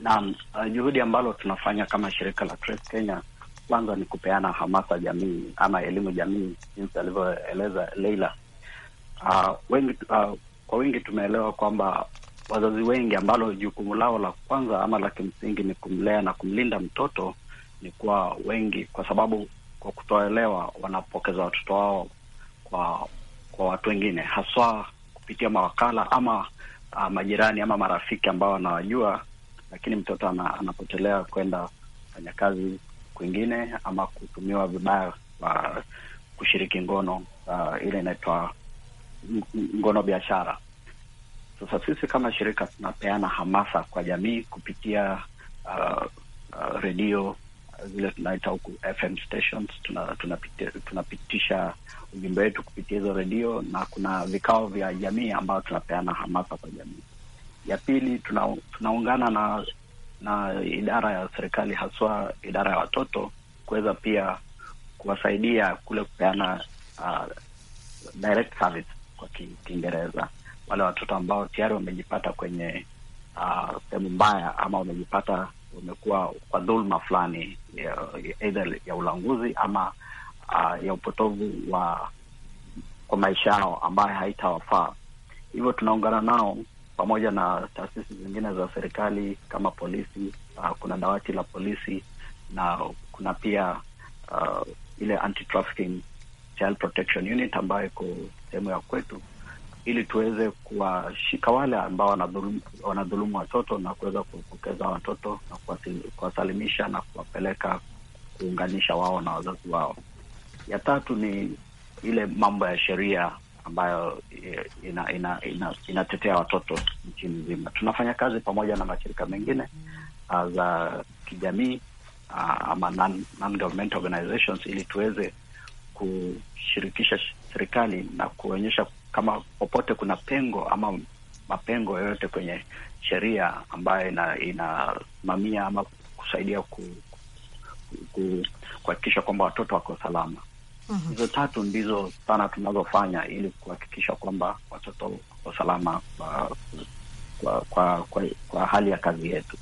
Naam, eh, juhudi ambalo tunafanya kama shirika la Trace Kenya kwanza ni kupeana hamasa jamii ama elimu jamii, jinsi alivyoeleza Leila uh, wengi uh, kwa wengi tumeelewa kwamba wazazi wengi ambalo jukumu lao la kwanza ama la kimsingi ni kumlea na kumlinda mtoto, ni kuwa wengi, kwa sababu kwa kutoelewa wanapokeza watoto wao kwa kwa watu wengine, haswa kupitia mawakala ama uh, majirani ama marafiki ambao wanawajua, lakini mtoto ana, anapotelea kwenda kufanya kazi kwingine ama kutumiwa vibaya kwa kushiriki ngono uh, ile inaitwa ngono biashara. Sasa sisi kama shirika tunapeana hamasa kwa jamii kupitia uh, uh, redio zile tunaita huku FM stations, tunapitisha tuna tuna ujumbe wetu kupitia hizo redio, na kuna vikao vya jamii ambayo tunapeana hamasa kwa jamii. Ya pili, tuna, tunaungana na na idara ya serikali haswa idara ya watoto kuweza pia kuwasaidia kule kupeana uh, direct service kwa Kiingereza, wale watoto ambao tayari wamejipata kwenye uh, sehemu uh, mbaya ama wamejipata wamekuwa kwa dhuluma fulani eidha ya, ya ulanguzi ama uh, ya upotovu wa kwa maisha yao ambayo haitawafaa. Hivyo tunaungana nao pamoja na taasisi zingine za serikali kama polisi. Uh, kuna dawati la polisi na kuna pia uh, ile anti-trafficking Child Protection Unit ambayo iko sehemu ya kwetu, ili tuweze kuwashika wale ambao wanadhulumu, wanadhulumu watoto na kuweza kuwapokeza watoto na kuwasalimisha na kuwapeleka kuunganisha wao na wazazi wao. Ya tatu ni ile mambo ya sheria ambayo inatetea eh, ina, ina, ina watoto nchi nzima. Tunafanya kazi pamoja na mashirika mengine ah, za kijamii ah, ama non, organizations ili tuweze kushirikisha serikali na kuonyesha kama popote kuna pengo ama mapengo yoyote kwenye sheria ambayo inasimamia ina ama kusaidia kuhakikisha ku, ku, kwamba watoto wako salama. Mhm. Hizo tatu ndizo sana tunazofanya ili kuhakikisha kwamba watoto wako salama uh, kwa, kwa, kwa, kwa hali ya kazi yetu.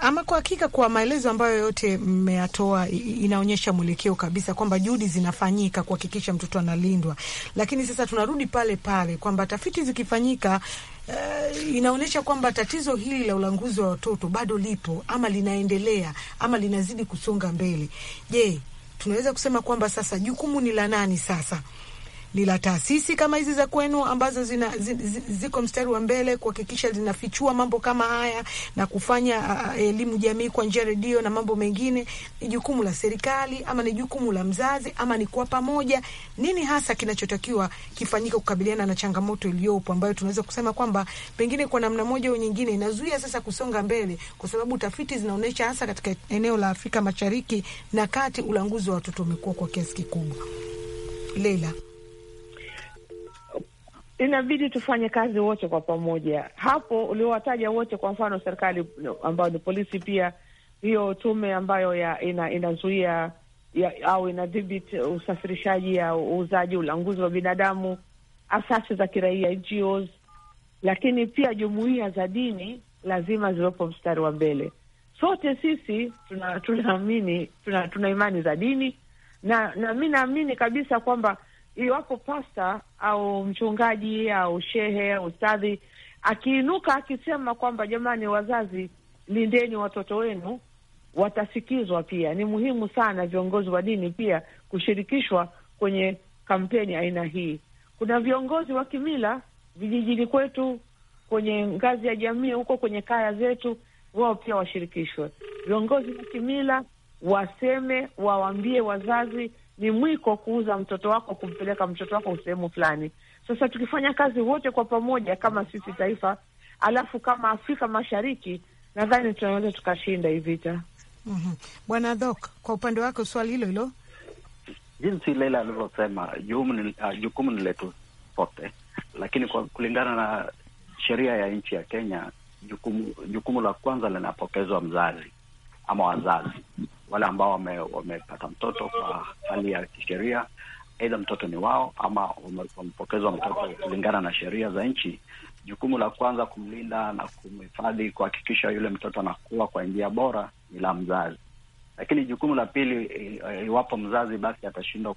Ama kwa hakika, kwa maelezo ambayo yote mmeyatoa, inaonyesha mwelekeo kabisa kwamba juhudi zinafanyika kuhakikisha mtoto analindwa, lakini sasa tunarudi pale pale kwamba tafiti zikifanyika Uh, inaonyesha kwamba tatizo hili la ulanguzi wa watoto bado lipo ama linaendelea ama linazidi kusonga mbele. Je, tunaweza kusema kwamba sasa jukumu ni la nani sasa ni la taasisi kama hizi za kwenu ambazo zina, zi, zi, ziko mstari wa mbele kuhakikisha zinafichua mambo kama haya na kufanya uh, elimu jamii kwa njia redio na mambo mengine, ni jukumu la serikali ama ni jukumu la mzazi ama ni kwa pamoja? Nini hasa kinachotakiwa kifanyike kukabiliana na changamoto iliyopo ambayo tunaweza kusema kwamba pengine kwa namna moja au nyingine inazuia sasa kusonga mbele, kwa sababu tafiti zinaonyesha hasa katika eneo la Afrika Mashariki na Kati ulanguzi wa watoto umekuwa kwa kiasi kikubwa. Leila inabidi tufanye kazi wote kwa pamoja. Hapo uliowataja wote, kwa mfano serikali ambayo ni polisi, pia hiyo tume ambayo ya ina, inazuia ya, au inadhibiti usafirishaji ya uuzaji ulanguzi wa binadamu, asasi za kiraia NGOs, lakini pia jumuiya za dini lazima ziwepo mstari wa mbele. Sote sisi tunaamini tuna, tuna, tuna imani za dini na, na mi naamini kabisa kwamba iwapo pasta au mchungaji au shehe au ustadhi akiinuka akisema kwamba jamani, wazazi lindeni watoto wenu, watasikizwa pia. Ni muhimu sana viongozi wa dini pia kushirikishwa kwenye kampeni aina hii. Kuna viongozi wa kimila vijijini kwetu, kwenye ngazi ya jamii huko kwenye kaya zetu, wao pia washirikishwe. Viongozi wa kimila waseme, wawaambie wazazi ni mwiko kuuza mtoto wako, kumpeleka mtoto wako sehemu fulani. Sasa tukifanya kazi wote kwa pamoja kama sisi taifa, alafu kama Afrika Mashariki, nadhani tunaweza tukashinda hii vita. mm -hmm. Bwana Dhok, kwa upande wako swali hilo hilo, jinsi Leila alivyosema, ah, jukumu ni letu sote, lakini kwa kulingana na sheria ya nchi ya Kenya, jukumu jukumu la kwanza linapokezwa mzazi ama wazazi wale ambao wamepata wame mtoto kwa hali ya kisheria, aidha mtoto ni wao ama wamepokezwa mtoto kulingana na sheria za nchi. Jukumu la kwanza kumlinda na kumhifadhi, kuhakikisha yule mtoto anakuwa kwa njia bora, ni la mzazi. Lakini jukumu la pili, eh, iwapo mzazi basi atashindwa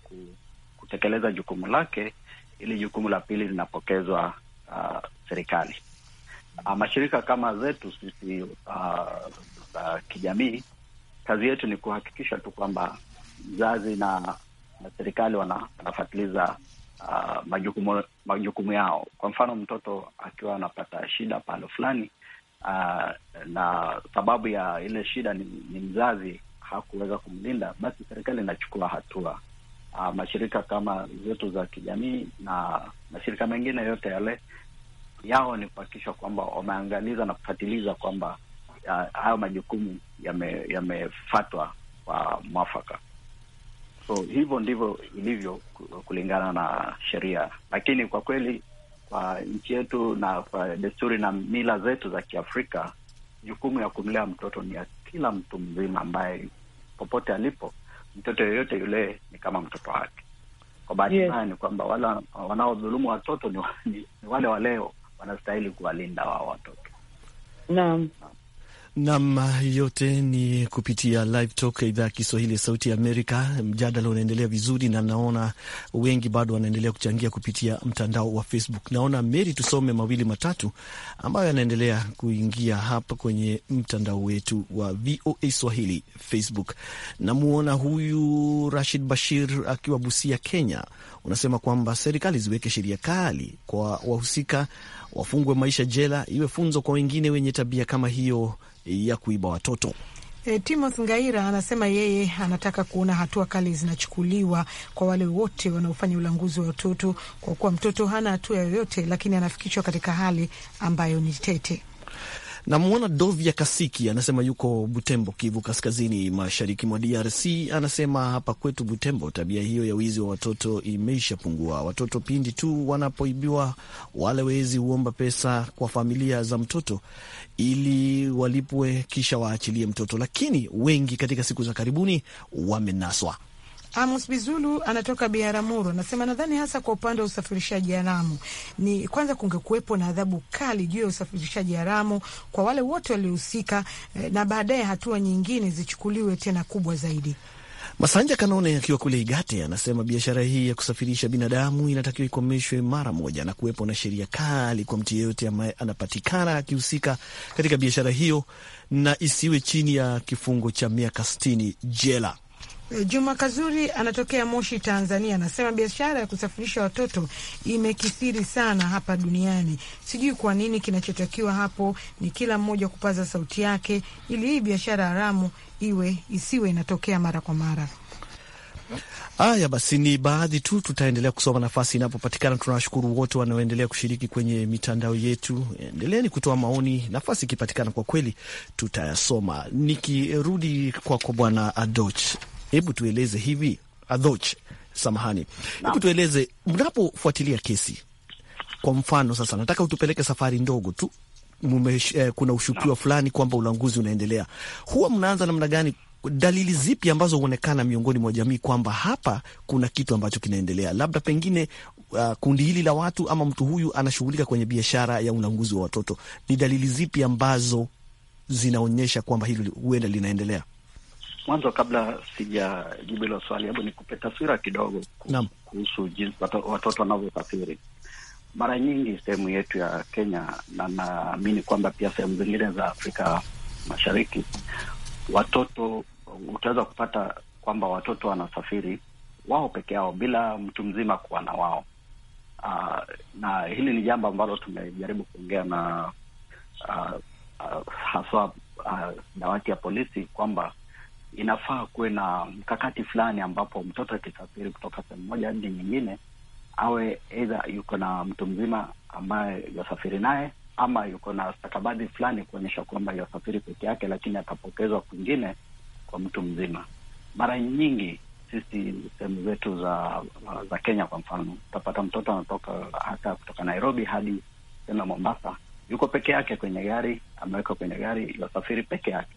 kutekeleza jukumu lake, ili jukumu la pili linapokezwa uh, serikali. Uh, mashirika kama zetu sisi uh, uh, kijamii. Kazi yetu ni kuhakikisha tu kwamba mzazi na, na serikali wana, wanafatiliza uh, majukumu, majukumu yao. Kwa mfano mtoto akiwa anapata shida pale fulani uh, na sababu ya ile shida ni, ni mzazi hakuweza kumlinda, basi serikali inachukua hatua uh, mashirika kama zetu za kijamii na mashirika mengine yote yale yao ni kuhakikisha kwamba wameangaliza na kufatiliza kwamba hayo majukumu yamefatwa yame kwa mwafaka. So hivyo ndivyo ilivyo kulingana na sheria, lakini kwa kweli kwa nchi yetu na kwa desturi na mila zetu za Kiafrika, jukumu ya kumlea mtoto ni ya kila mtu mzima, ambaye popote alipo, mtoto yeyote yule ni kama mtoto wake. Kwa bahati mbaya yes, ni kwamba wale wanaodhulumu watoto ni, ni, ni wale waleo wanastahili kuwalinda wao watoto. Naam. Nam, yote ni kupitia Live Talk ya idhaa ya Kiswahili ya Sauti ya Amerika. Mjadala unaendelea vizuri, na naona wengi bado wanaendelea kuchangia kupitia mtandao wa Facebook. Naona Meri, tusome mawili matatu ambayo yanaendelea kuingia hapa kwenye mtandao wetu wa VOA Swahili Facebook. Namwona huyu Rashid Bashir akiwa Busia, Kenya, unasema kwamba serikali ziweke sheria kali kwa wahusika wafungwe maisha jela, iwe funzo kwa wengine wenye tabia kama hiyo ya kuiba watoto. E, Timoth Ngaira anasema yeye anataka kuona hatua kali zinachukuliwa kwa wale wote wanaofanya ulanguzi wa watoto, kwa kuwa mtoto hana hatua yoyote, lakini anafikishwa katika hali ambayo ni tete. Namwona Dovya Kasiki anasema yuko Butembo, Kivu Kaskazini, mashariki mwa DRC. Anasema hapa kwetu Butembo tabia hiyo ya wizi wa watoto imeishapungua. Watoto pindi tu wanapoibiwa, wale wezi huomba pesa kwa familia za mtoto ili walipwe, kisha waachilie mtoto, lakini wengi katika siku za karibuni wamenaswa. Amos Bizulu anatoka Biaramuru anasema nadhani hasa kwa upande wa usafirishaji haramu ni kwanza, kungekuwepo na adhabu kali juu ya usafirishaji haramu kwa wale wote waliohusika, eh, na baadaye hatua nyingine zichukuliwe tena kubwa zaidi. Masanja Kanone akiwa kule Igate anasema biashara hii ya kusafirisha binadamu inatakiwa ikomeshwe mara moja na kuwepo na sheria kali kwa mtu yeyote ambaye anapatikana akihusika katika biashara hiyo, na isiwe chini ya kifungo cha miaka sitini jela. Juma Kazuri anatokea Moshi, Tanzania, anasema biashara ya kusafirisha watoto imekithiri sana hapa duniani. Sijui kwa nini. Kinachotakiwa hapo ni kila mmoja kupaza sauti yake, ili hii biashara haramu iwe isiwe inatokea mara kwa mara. Haya basi, ni baadhi tu, tutaendelea kusoma nafasi inapopatikana. Tunawashukuru wote wanaoendelea kushiriki kwenye mitandao yetu. Endeleeni kutoa maoni, nafasi ikipatikana, kwa kweli tutayasoma. Nikirudi kwako Bwana Adoch. Hebu tueleze hivi Adhoch, samahani, hebu tueleze mnapofuatilia kesi, kwa mfano sasa nataka utupeleke safari ndogo tu mume, eh, kuna ushukiwa fulani kwamba ulanguzi unaendelea, huwa mnaanza namna gani? Dalili zipi ambazo huonekana miongoni mwa jamii kwamba hapa kuna kitu ambacho kinaendelea, labda pengine uh, kundi hili la watu ama mtu huyu anashughulika kwenye biashara ya ulanguzi wa watoto? Ni dalili zipi ambazo zinaonyesha kwamba hili huenda linaendelea? mwanzo kabla sijajibu hilo swali, hebu nikupe taswira kidogo kuhusu jinsi watoto wanavyosafiri. Mara nyingi sehemu yetu ya Kenya na naamini kwamba pia sehemu zingine za Afrika Mashariki, watoto utaweza kupata kwamba watoto wanasafiri wao peke yao bila mtu mzima kuwa na wao. Uh, na hili ni jambo ambalo tumejaribu kuongea na uh, uh, haswa uh, dawati ya polisi kwamba inafaa kuwe na mkakati fulani ambapo mtoto akisafiri kutoka sehemu moja hadi nyingine awe eidha yuko na mtu mzima ambaye yasafiri naye ama yuko na stakabadhi fulani kuonyesha kwamba yasafiri peke yake, lakini atapokezwa kwingine kwa mtu mzima. Mara nyingi sisi sehemu zetu za za Kenya kwa mfano, utapata mtoto anatoka hata kutoka Nairobi hadi tena Mombasa, yuko peke yake kwenye gari, amewekwa kwenye gari yasafiri peke yake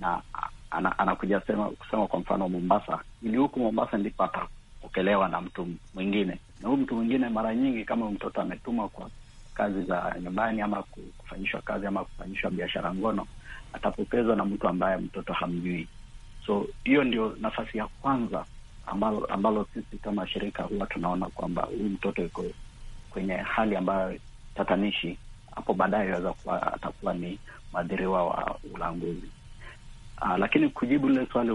na anakuja ana sema kusema kwa mfano Mombasa, ili huku Mombasa ndipo atapokelewa na mtu mwingine, na huyu mtu mwingine mara nyingi, kama mtoto ametumwa kwa kazi za nyumbani ama kufanyishwa kazi ama kufanyishwa biashara ngono, atapokezwa na mtu ambaye mtoto hamjui. So hiyo ndio nafasi ya kwanza ambalo, ambalo sisi kama shirika huwa tunaona kwamba huyu mtoto yuko kwenye hali ambayo tatanishi. Hapo baadaye aweza kuwa atakuwa ni mwathiriwa wa ulanguzi. Aa, ah, lakini kujibu lile swali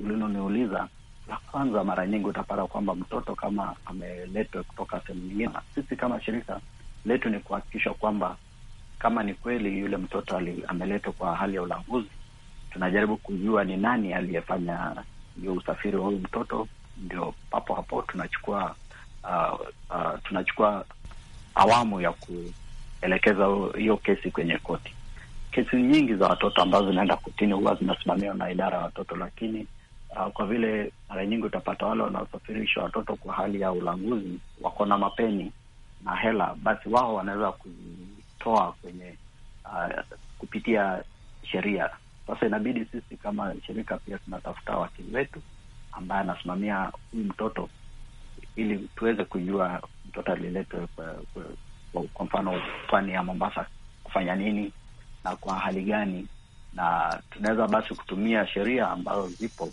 uliloniuliza la kwanza, mara nyingi utapata kwamba mtoto kama ameletwa kutoka sehemu nyingine, sisi kama shirika letu ni kuhakikisha kwamba kama ni kweli yule mtoto ameletwa kwa hali ya ulanguzi, tunajaribu kujua ni nani aliyefanya hiyo usafiri wa huyu mtoto, ndio papo hapo tunachukua uh, uh, tunachukua awamu ya kuelekeza hiyo kesi kwenye koti kesi nyingi za watoto ambazo zinaenda kotini huwa zinasimamiwa na idara ya watoto, lakini uh, kwa vile mara nyingi utapata wale wanaosafirisha watoto kwa hali ya ulanguzi wako na mapeni na hela, basi wao wanaweza kuzitoa kwenye uh, kupitia sheria. Sasa inabidi sisi kama shirika pia tunatafuta wakili wetu ambaye anasimamia huyu mtoto ili tuweze kujua mtoto aliletwe kwa, kwa, kwa mfano pwani ya Mombasa kufanya nini na kwa hali gani, na tunaweza basi kutumia sheria ambazo zipo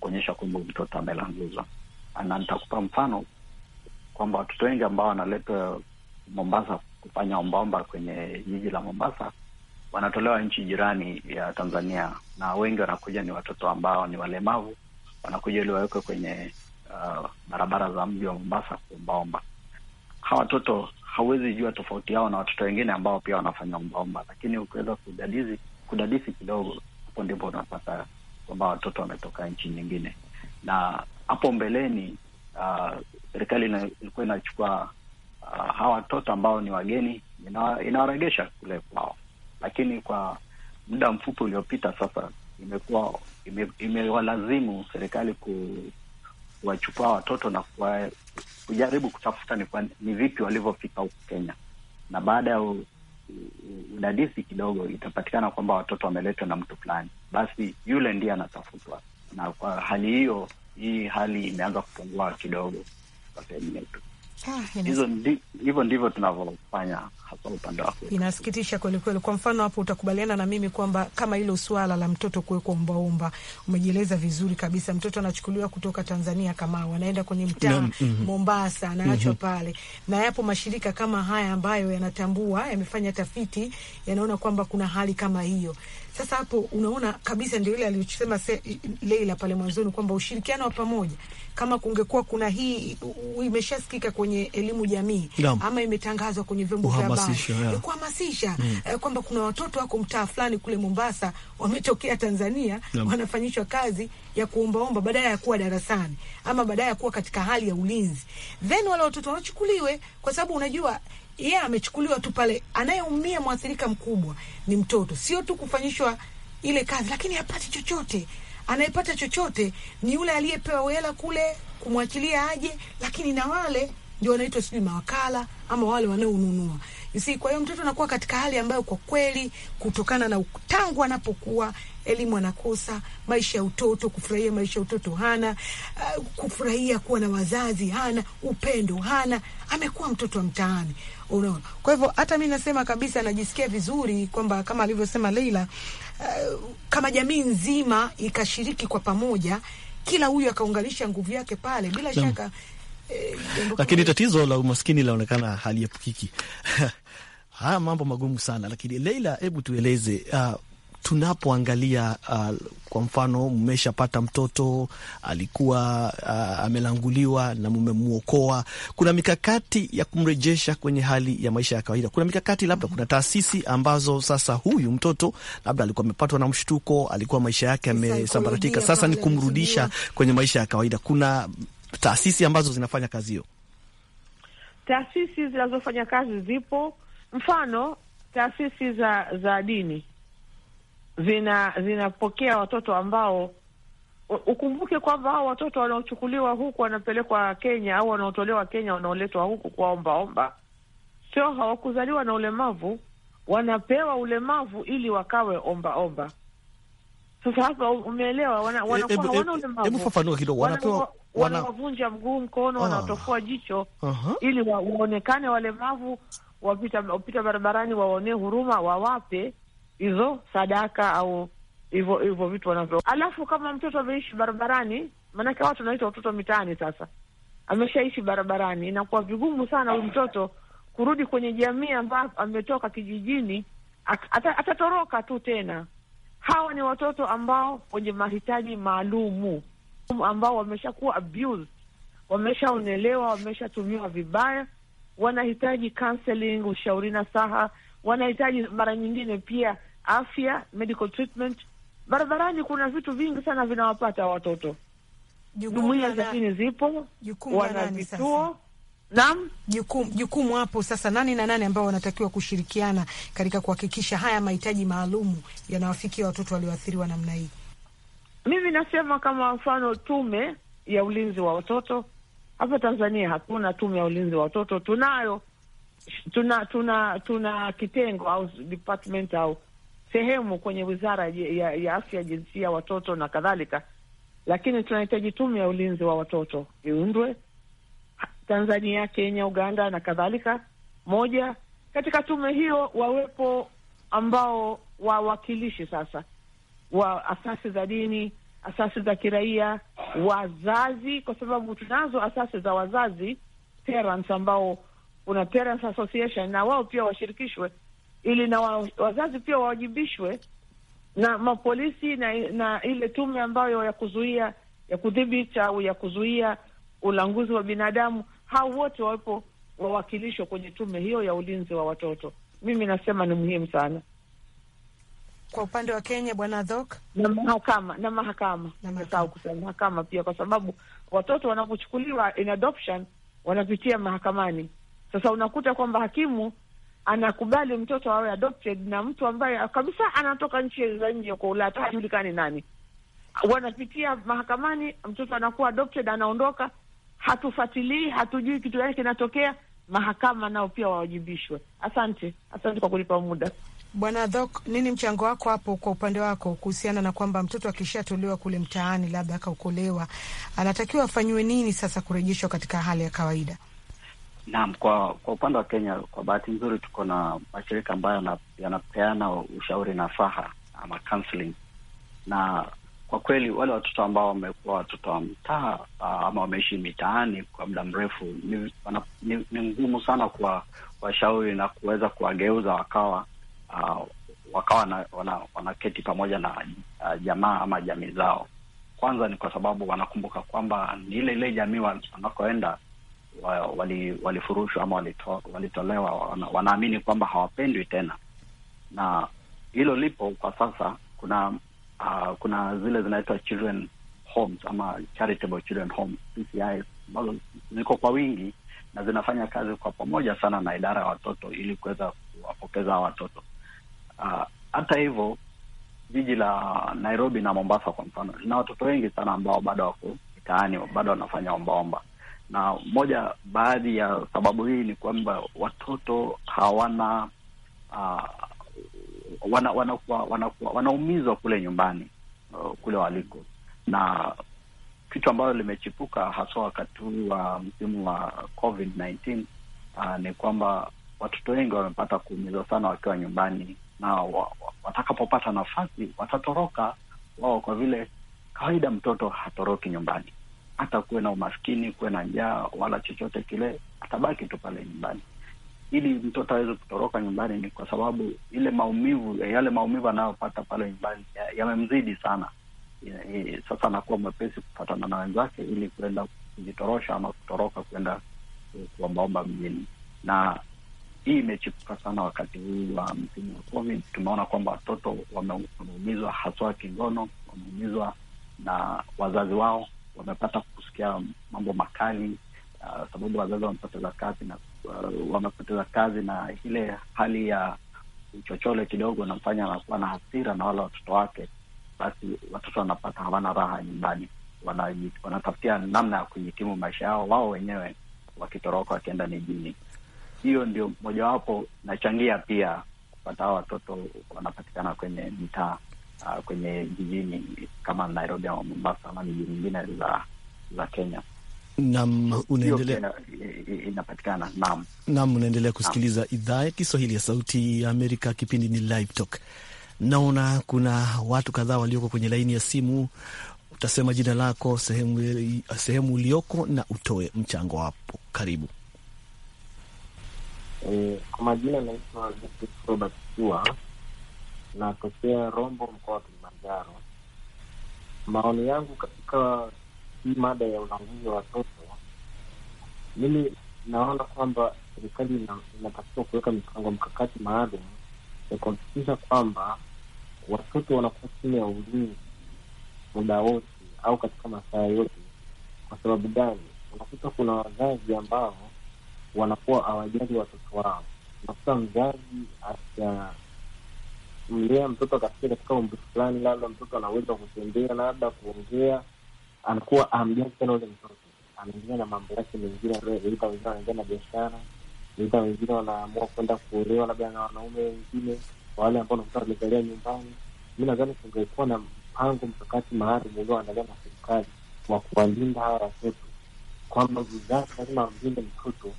kuonyesha kwamba mtoto amelanguzwa Na nitakupa mfano kwamba watoto wengi ambao wanaletwa Mombasa kufanya ombaomba kwenye jiji la Mombasa wanatolewa nchi jirani ya Tanzania, na wengi wanakuja ni watoto ambao ni walemavu, wanakuja ili wawekwe kwenye uh, barabara za mji wa Mombasa kuombaomba. Hawa watoto hauwezi jua tofauti yao na watoto wengine ambao pia wanafanya umbaumba lakini ukiweza kudadisi kudadisi kidogo, hapo ndipo unapata kwamba watoto wametoka nchi nyingine. Na hapo mbeleni ah, serikali uh, ilikuwa inachukua uh, hawa watoto ambao ni wageni, inawaregesha kule kwao, lakini kwa muda mfupi uliopita sasa imekuwa imewalazimu ime serikali kuwachukua watoto na kujaribu kutafuta ni, kwa, ni vipi walivyofika huku Kenya, na baada ya udadisi kidogo itapatikana kwamba watoto wameletwa na mtu fulani, basi yule ndiye anatafutwa, na kwa hali hiyo hii hali imeanza kupungua kidogo kwa sehemu yetu hizo hivyo ndivyo tunavyofanya hasa upande wako. Inasikitisha kwelikweli. Kwa mfano hapo utakubaliana na mimi kwamba kama hilo suala la mtoto kuwekwa umbaumba, umejieleza vizuri kabisa. Mtoto anachukuliwa kutoka Tanzania kama anaenda kwenye mtaa mm -hmm. Mombasa anaachwa mm -hmm. pale, na yapo mashirika kama haya ambayo yanatambua, yamefanya tafiti, yanaona kwamba kuna hali kama hiyo. Sasa hapo unaona kabisa ndio ile aliyosema Leila pale mwanzoni kwamba ushirikiano wa pamoja kama kungekuwa kuna hii imeshasikika kwenye elimu jamii Damn. ama imetangazwa kwenye vyombo vya habari kuhamasisha mm. Eh, kwamba kuna watoto wako mtaa fulani kule Mombasa wametokea Tanzania Dam. wanafanyishwa kazi ya kuombaomba badala ya kuwa darasani ama badala ya kuwa katika hali ya ulinzi, then wale watoto wachukuliwe, kwa sababu unajua yeye yeah, amechukuliwa tu pale. Anayeumia mwathirika mkubwa ni mtoto, sio tu kufanyishwa ile kazi, lakini hapati chochote anayepata chochote ni yule aliyepewa hela kule kumwachilia aje, lakini na wale ndio wanaitwa sijui mawakala ama wale wanaonunua si. Kwa hiyo mtoto anakuwa katika hali ambayo kwa kweli, kutokana na tangu anapokuwa elimu anakosa, maisha ya utoto, kufurahia maisha ya utoto hana, uh, kufurahia kuwa na wazazi hana, upendo hana, amekuwa mtoto wa mtaani, unaona. Kwa hivyo hata mi nasema kabisa, najisikia vizuri kwamba kama alivyosema Leila kama jamii nzima ikashiriki kwa pamoja, kila huyu akaunganisha nguvu yake pale, bila Jum. shaka eh, lakini tatizo la umaskini laonekana haliepukiki. Haya mambo magumu sana, lakini Leila, hebu tueleze uh, tunapoangalia uh, kwa mfano mmeshapata mtoto alikuwa uh, amelanguliwa na mmemwokoa, kuna mikakati ya kumrejesha kwenye hali ya maisha ya kawaida? Kuna mikakati labda, kuna taasisi ambazo sasa huyu mtoto labda alikuwa amepatwa na mshtuko, alikuwa maisha yake yamesambaratika, sasa ni kumrudisha kwenye maisha ya kawaida. Kuna taasisi ambazo zinafanya kazi hiyo? Taasisi zinazofanya kazi zipo, mfano taasisi za za dini zina zinapokea watoto ambao ukumbuke kwamba hao watoto wanaochukuliwa huku wanapelekwa Kenya au wanaotolewa Kenya wanaoletwa huku kuwaombaomba, sio hawakuzaliwa na ulemavu, wanapewa ulemavu ili wakawe ombaomba Sasa hapa umeelewa, eh, wanakuwa ulemavu. Hebu fafanua kidogo, wanapewa wanawavunja mguu, mkono, ah. wanaotofua jicho ili waonekane walemavu, wapita wapita barabarani waonee huruma, wawape hizo sadaka au hivyo hivyo vitu wanavyo. Alafu kama mtoto ameishi barabarani, maanake watu wanaita watoto mitaani. Sasa ameshaishi barabarani, inakuwa vigumu sana huyu mtoto kurudi kwenye jamii ambayo ametoka kijijini, atatoroka tu tena. Hawa ni watoto ambao wenye mahitaji maalumu ambao wameshakuwa wameshaonelewa, wameshatumiwa vibaya, wanahitaji counseling, ushauri na saha, wanahitaji mara nyingine pia afya, medical treatment. Barabarani kuna vitu vingi sana vinawapata watoto. Jumuiya za dini zipo, wana vituo Naam, jukumu jukumu hapo sasa, nani na nani ambao wanatakiwa kushirikiana katika kuhakikisha haya mahitaji maalum yanawafikia watoto walioathiriwa namna hii? Mimi nasema kama mfano, tume ya ulinzi wa watoto hapa Tanzania hakuna tume ya ulinzi wa watoto. Tunayo, tuna tuna tuna kitengo au department au sehemu kwenye wizara ya, ya afya, jinsia, watoto na kadhalika, lakini tunahitaji tume ya ulinzi wa watoto iundwe Tanzania, Kenya, Uganda na kadhalika. Moja katika tume hiyo wawepo ambao wawakilishi sasa wa asasi za dini, asasi za kiraia, wazazi, kwa sababu tunazo asasi za wazazi parents, ambao kuna parents association, na wao pia washirikishwe ili na wazazi pia wawajibishwe na mapolisi na, na ile tume ambayo ya kuzuia ya kudhibiti au ya kuzuia ulanguzi wa binadamu, hao wote wawepo wawakilishwa kwenye tume hiyo ya ulinzi wa watoto. Mimi nasema ni muhimu sana kwa upande wa Kenya, bwana Dhok, na mahakama na mahakama nimesahau kusema mahakama pia, kwa sababu watoto wanapochukuliwa in adoption wanapitia mahakamani. Sasa unakuta kwamba hakimu anakubali mtoto awe adopted na mtu ambaye kabisa anatoka nchi za nje kwa Ulaya, hajulikani nani, wanapitia mahakamani, mtoto anakuwa adopted, anaondoka, hatufuatilii, hatujui kitu gani kinatokea. Mahakama nao pia wawajibishwe. Asante, asante kwa kulipa muda. Bwana Dhok, nini mchango wako hapo kwa upande wako kuhusiana na kwamba mtoto akishatolewa kule mtaani, labda akaokolewa, anatakiwa afanyiwe nini sasa kurejeshwa katika hali ya kawaida? Naam, kwa kwa upande wa Kenya, kwa bahati nzuri tuko na mashirika ambayo yanapeana ushauri faha ama counseling, na kwa kweli wale watoto ambao wamekuwa watoto wa mtaa ama wameishi mitaani kwa muda mrefu ni, ni, ni ngumu sana kwa washauri na kuweza kuwageuza wakawa uh, wakawa wanaketi pamoja na uh, jamaa ama jamii zao. Kwanza ni kwa sababu wanakumbuka kwamba ni ile ile jamii wanakoenda walifurushwa wali ama walitolewa, wana, wanaamini kwamba hawapendwi tena, na hilo lipo kwa sasa. Kuna uh, kuna zile zinaitwa children homes ama charitable children homes ambazo ziko kwa wingi na zinafanya kazi kwa pamoja sana na idara ya watoto ili kuweza kuwapokeza watoto. Ah, hata uh, hivyo jiji la Nairobi na Mombasa kwa mfano lina watoto wengi sana ambao bado wako mitaani, bado wanafanya ombaomba na moja baadhi ya sababu hii ni kwamba watoto hawana uh, wanaumizwa wana, wana, wana, wana kule nyumbani uh, kule waliko, na kitu ambayo limechipuka haswa wakati huu wa msimu wa COVID-19 uh, ni kwamba watoto wengi wamepata kuumizwa sana wakiwa nyumbani, na wa, watakapopata nafasi watatoroka wao, kwa vile kawaida mtoto hatoroki nyumbani hata kuwe na umaskini, kuwe na njaa wala chochote kile, atabaki tu pale nyumbani. Ili mtoto aweze kutoroka nyumbani ni kwa sababu ile maumivu, yale maumivu anayopata pale nyumbani yamemzidi sana. Sasa anakuwa mwepesi kupatana na wenzake ili kuenda kujitorosha ama kutoroka kuenda kuombaomba mjini, na hii imechipuka sana wakati huu wa msimu wa COVID. Tumeona kwamba watoto wameumizwa haswa kingono, wameumizwa na wazazi wao wamepata kusikia mambo makali uh, sababu wazazi wamepoteza kazi na uh, wamepoteza kazi na ile hali ya uchochole kidogo nafanya anakuwa na hasira na wale watoto wake, basi watoto wanapata hawana raha nyumbani, wanatafutia namna ya kujikimu maisha yao wao wenyewe, wakitoroka wakienda mijini. Hiyo ndio mojawapo nachangia pia kupata hao watoto wanapatikana kwenye mitaa uh, kwenye jijini kama Nairobi ama Mombasa ama miji mingine za za Kenya. Nam, unaendelea inapatikana. Naam, nam, unaendelea kusikiliza idhaa ya Kiswahili ya Sauti ya Amerika. Kipindi ni Live Talk. Naona kuna watu kadhaa walioko kwenye laini ya simu. Utasema jina lako, sehemu, sehemu ulioko na utoe mchango wapo. Karibu. E, kwa majina naitwa Robert Sua natokea Rombo, mkoa wa Kilimanjaro. Maoni yangu katika hii mada ya ulanguzi wa watoto, mimi naona kwamba serikali inatakiwa kuweka mipango mkakati maalum ya kuhakikisha kwamba watoto wanakuwa chini ya ulinzi muda wote au katika masaa yote. Kwa sababu gani? Unakuta kuna wazazi ambao wanakuwa hawajali watoto wao, unakuta mzazi kumlea mtoto akafika katika umri fulani, labda mtoto anaweza kutembea, labda kuongea, anakuwa amjali tena ule mtoto, anaingia na mambo yake mengine. Aidha wengine wanaingia na biashara, aidha wengine wanaamua kwenda kuolewa labda na wanaume wengine, wale ambao nakuta wamezalia nyumbani. Mi nadhani kungekuwa na mpango mkakati maalum ulioandaliwa na serikali wa kuwalinda hawa watoto, kwamba vizazi lazima amlinde mtoto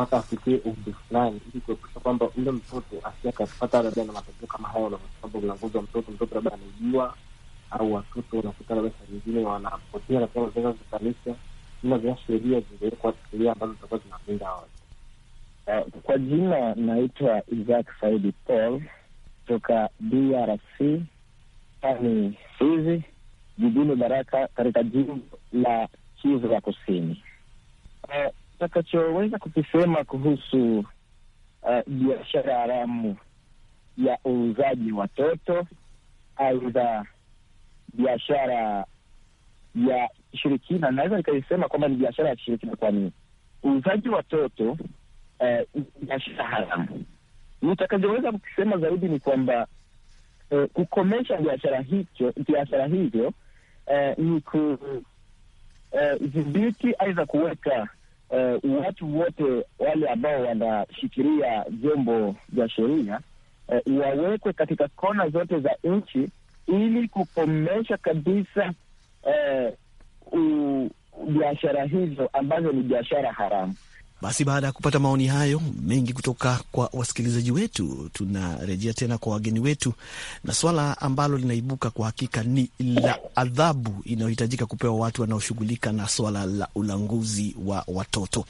mpaka afikie umri fulani, ili kuepusha kwamba ule mtoto asiaka akipata labda na matatizo kama haya, unasababu unangoza mtoto mtoto labda anaijua, au watoto unakuta labda saa nyingine wanapotea lakini mazingira za kanisa. Vya sheria zingewekwa sheria ambazo zitakuwa zinalinda hawa. Eh, kwa jina naitwa Isaac Saidi Paul toka DRC ani hizi jijini Baraka katika jimbo la Kivu ya Kusini. Eh, takachoweza kukisema kuhusu uh, biashara haramu ya uuzaji watoto, aidha biashara ya kishirikina, naweza nikaisema kwamba ni biashara ya kishirikina, kwani uuzaji watoto eh, biashara uh, haramu. Nitakachoweza kukisema zaidi ni kwamba uh, kukomesha biashara hicho biashara hivyo uh, ni kudhibiti uh, aidha kuweka uh, watu wote wale ambao wanashikilia vyombo vya sheria uh, wawekwe katika kona zote za nchi ili kukomesha kabisa eh, biashara hizo ambazo ni biashara haramu. Basi baada ya kupata maoni hayo mengi kutoka kwa wasikilizaji wetu, tunarejea tena kwa wageni wetu, na swala ambalo linaibuka kwa hakika ni la adhabu inayohitajika kupewa watu wanaoshughulika na swala la ulanguzi wa watoto.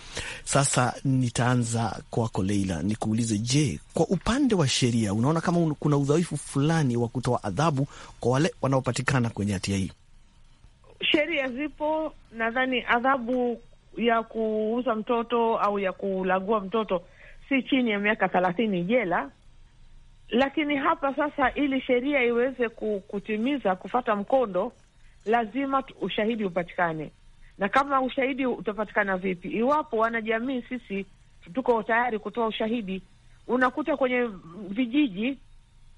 Sasa nitaanza kwako Leila, nikuulize, je, kwa upande wa sheria unaona kama kuna udhaifu fulani wa kutoa adhabu kwa wale wanaopatikana kwenye hatia hii? Sheria zipo, nadhani adhabu ya kuuza mtoto au ya kulagua mtoto si chini ya miaka thelathini jela. Lakini hapa sasa, ili sheria iweze kutimiza kufata mkondo, lazima ushahidi upatikane. Na kama ushahidi utapatikana vipi? Iwapo wanajamii sisi tuko tayari kutoa ushahidi, unakuta kwenye vijiji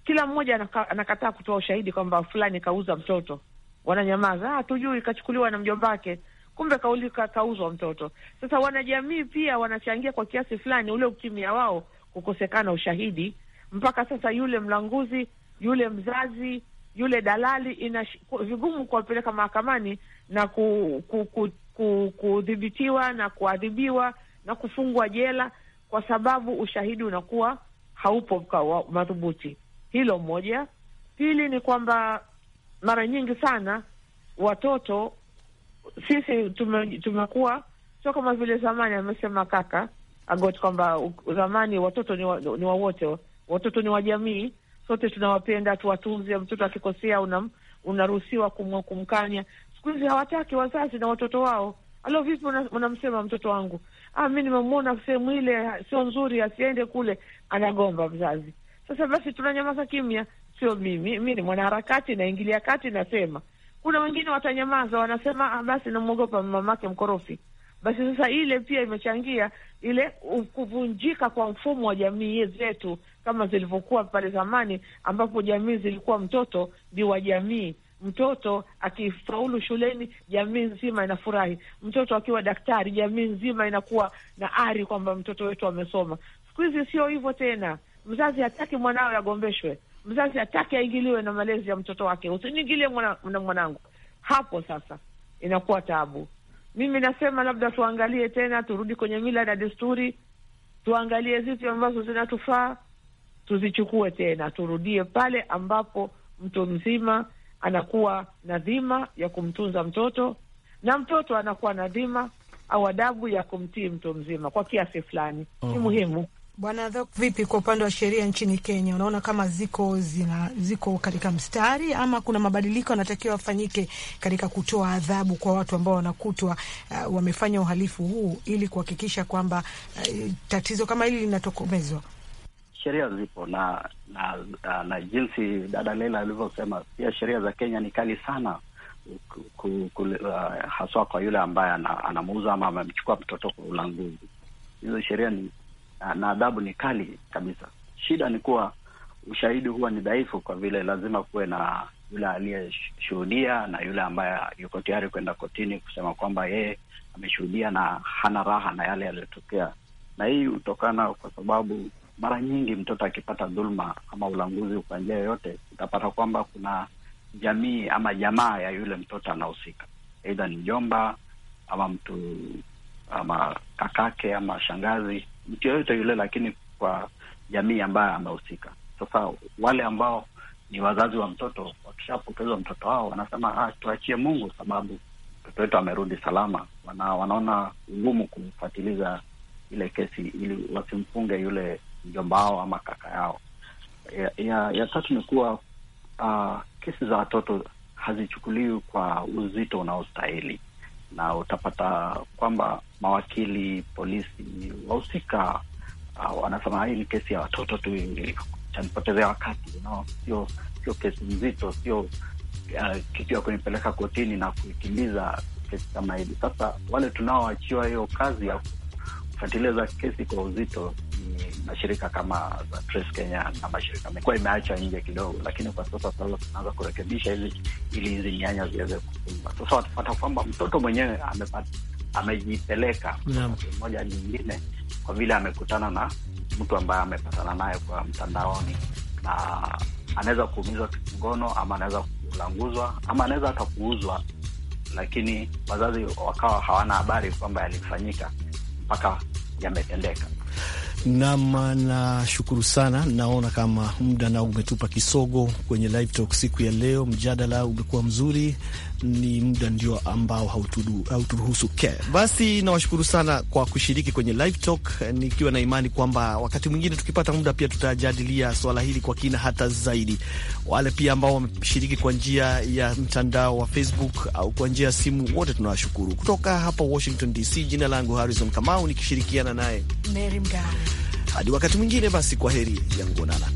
kila mmoja anakataa kutoa ushahidi kwamba fulani kauza mtoto, wananyamaza. Ah, hatujui tujui, ikachukuliwa na mjomba wake kumbe kauli kauzwa mtoto. Sasa wanajamii pia wanachangia kwa kiasi fulani ule ukimya wao, kukosekana ushahidi mpaka sasa. Yule mlanguzi, yule mzazi, yule dalali, ina vigumu kuwapeleka mahakamani na kudhibitiwa ku, ku, ku, na kuadhibiwa na kufungwa jela kwa sababu ushahidi unakuwa haupo madhubuti. Hilo moja. Pili ni kwamba mara nyingi sana watoto sisi tumekuwa sio kama vile zamani. Amesema kaka Agot kwamba zamani watoto ni, wawote ni wa watoto ni wa jamii, sote tunawapenda, tuwatunze. Mtoto akikosea unaruhusiwa kum, kumkanya. Siku hizi hawataki wazazi na watoto wao. Alo, vipi unamsema una mtoto wangu? Ah, mi nimemwona sehemu ile sio nzuri, asiende kule, anagomba mzazi. Sasa basi tunanyamaza kimya. Sio mimi, mi ni mwanaharakati, naingilia kati, nasema kuna wengine watanyamaza, wanasema ah, basi namwogopa mamake mkorofi. Basi sasa ile pia imechangia ile kuvunjika kwa mfumo wa jamii zetu kama zilivyokuwa pale zamani, ambapo jamii zilikuwa mtoto ni wa jamii. Mtoto akifaulu shuleni, jamii nzima inafurahi. Mtoto akiwa daktari, jamii nzima inakuwa na ari kwamba mtoto wetu amesoma. Siku hizi sio hivyo tena, mzazi hataki mwanawe agombeshwe mzazi atake aingiliwe na malezi ya mtoto wake, usiniingilie mwanangu Hapo sasa inakuwa tabu. Mimi nasema labda tuangalie tena, turudi kwenye mila na desturi, tuangalie zipi ambazo zinatufaa tuzichukue tena, turudie pale ambapo mtu mzima anakuwa na dhima ya kumtunza mtoto na mtoto anakuwa na dhima au adabu ya kumtii mtu mzima kwa kiasi fulani. Oh, ni muhimu Bwana Dhok, vipi kwa upande wa sheria nchini Kenya, unaona kama ziko zina, ziko katika mstari ama kuna mabadiliko yanatakiwa afanyike katika kutoa adhabu kwa watu ambao wanakutwa uh, wamefanya uhalifu huu ili kuhakikisha kwamba uh, tatizo kama hili linatokomezwa? Sheria zipo na na, na uh, na jinsi dada Leila alivyosema, pia sheria za Kenya ni kali sana ku, ku, uh, haswa kwa yule ambaye anamuuza ama amemchukua mtoto kwa ulanguzi. Hizo sheria ni Ah, na adhabu ni kali kabisa. Shida ni kuwa ushahidi huwa ni dhaifu, kwa vile lazima kuwe na yule aliyeshuhudia na yule ambaye yuko tayari kwenda kotini kusema kwamba yeye ameshuhudia na hana raha na yale yaliyotokea. Na hii hutokana kwa sababu mara nyingi mtoto akipata dhuluma ama ulanguzi kwa njia yoyote, utapata kwamba kuna jamii ama jamaa ya yule mtoto anahusika, aidha ni jomba ama mtu ama kakake ama shangazi mtu yoyote yule, lakini kwa jamii ambayo amehusika. Sasa wale ambao ni wazazi wa mtoto wakishapokezwa mtoto wao wanasema ah, tuachie Mungu sababu mtoto wetu amerudi salama. Wana, wanaona ugumu kumfuatiliza ile kesi ili wasimfunge yule mjomba wao ama kaka yao. Ya, ya, ya tatu ni kuwa uh, kesi za watoto hazichukuliwi kwa uzito unaostahili na utapata kwamba mawakili, polisi, wahusika uh, wanasema hii ni kesi ya watoto tu, chanipotezea wakati no? Sio sio kesi mzito sio uh, kitu ya kunipeleka kotini na kuikimbiza kesi kama hili. Sasa wale tunaoachiwa hiyo kazi ya kufuatilia kesi kwa uzito mashirika kama za Trace Kenya na mashirika amekuwa imeachwa nje kidogo, lakini kwa sasa sasa tunaanza kurekebisha ili ili hizi nyanya ziweze kufunga. Sasa watapata kwamba mtoto mwenyewe amepata amejipeleka moja nyingine, kwa vile amekutana na mtu ambaye amepatana naye kwa mtandaoni, na anaweza kuumizwa kingono ama anaweza kulanguzwa ama anaweza hata kuuzwa, lakini wazazi wakawa hawana habari kwamba yalifanyika mpaka yametendeka. Nam, nashukuru sana. Naona kama muda nao umetupa kisogo kwenye live talk siku ya leo. Mjadala umekuwa mzuri ni muda ndio ambao hauturuhusu ke. Basi nawashukuru sana kwa kushiriki kwenye live talk, eh, nikiwa na imani kwamba wakati mwingine tukipata muda pia tutajadilia swala hili kwa kina hata zaidi. Wale pia ambao wameshiriki kwa njia ya mtandao wa Facebook au kwa njia ya simu, wote tunawashukuru. Kutoka hapa Washington DC, jina langu Harrison Kamau, nikishirikiana naye Mary Mgawe. Hadi wakati mwingine, basi kwa heri ya kuonana.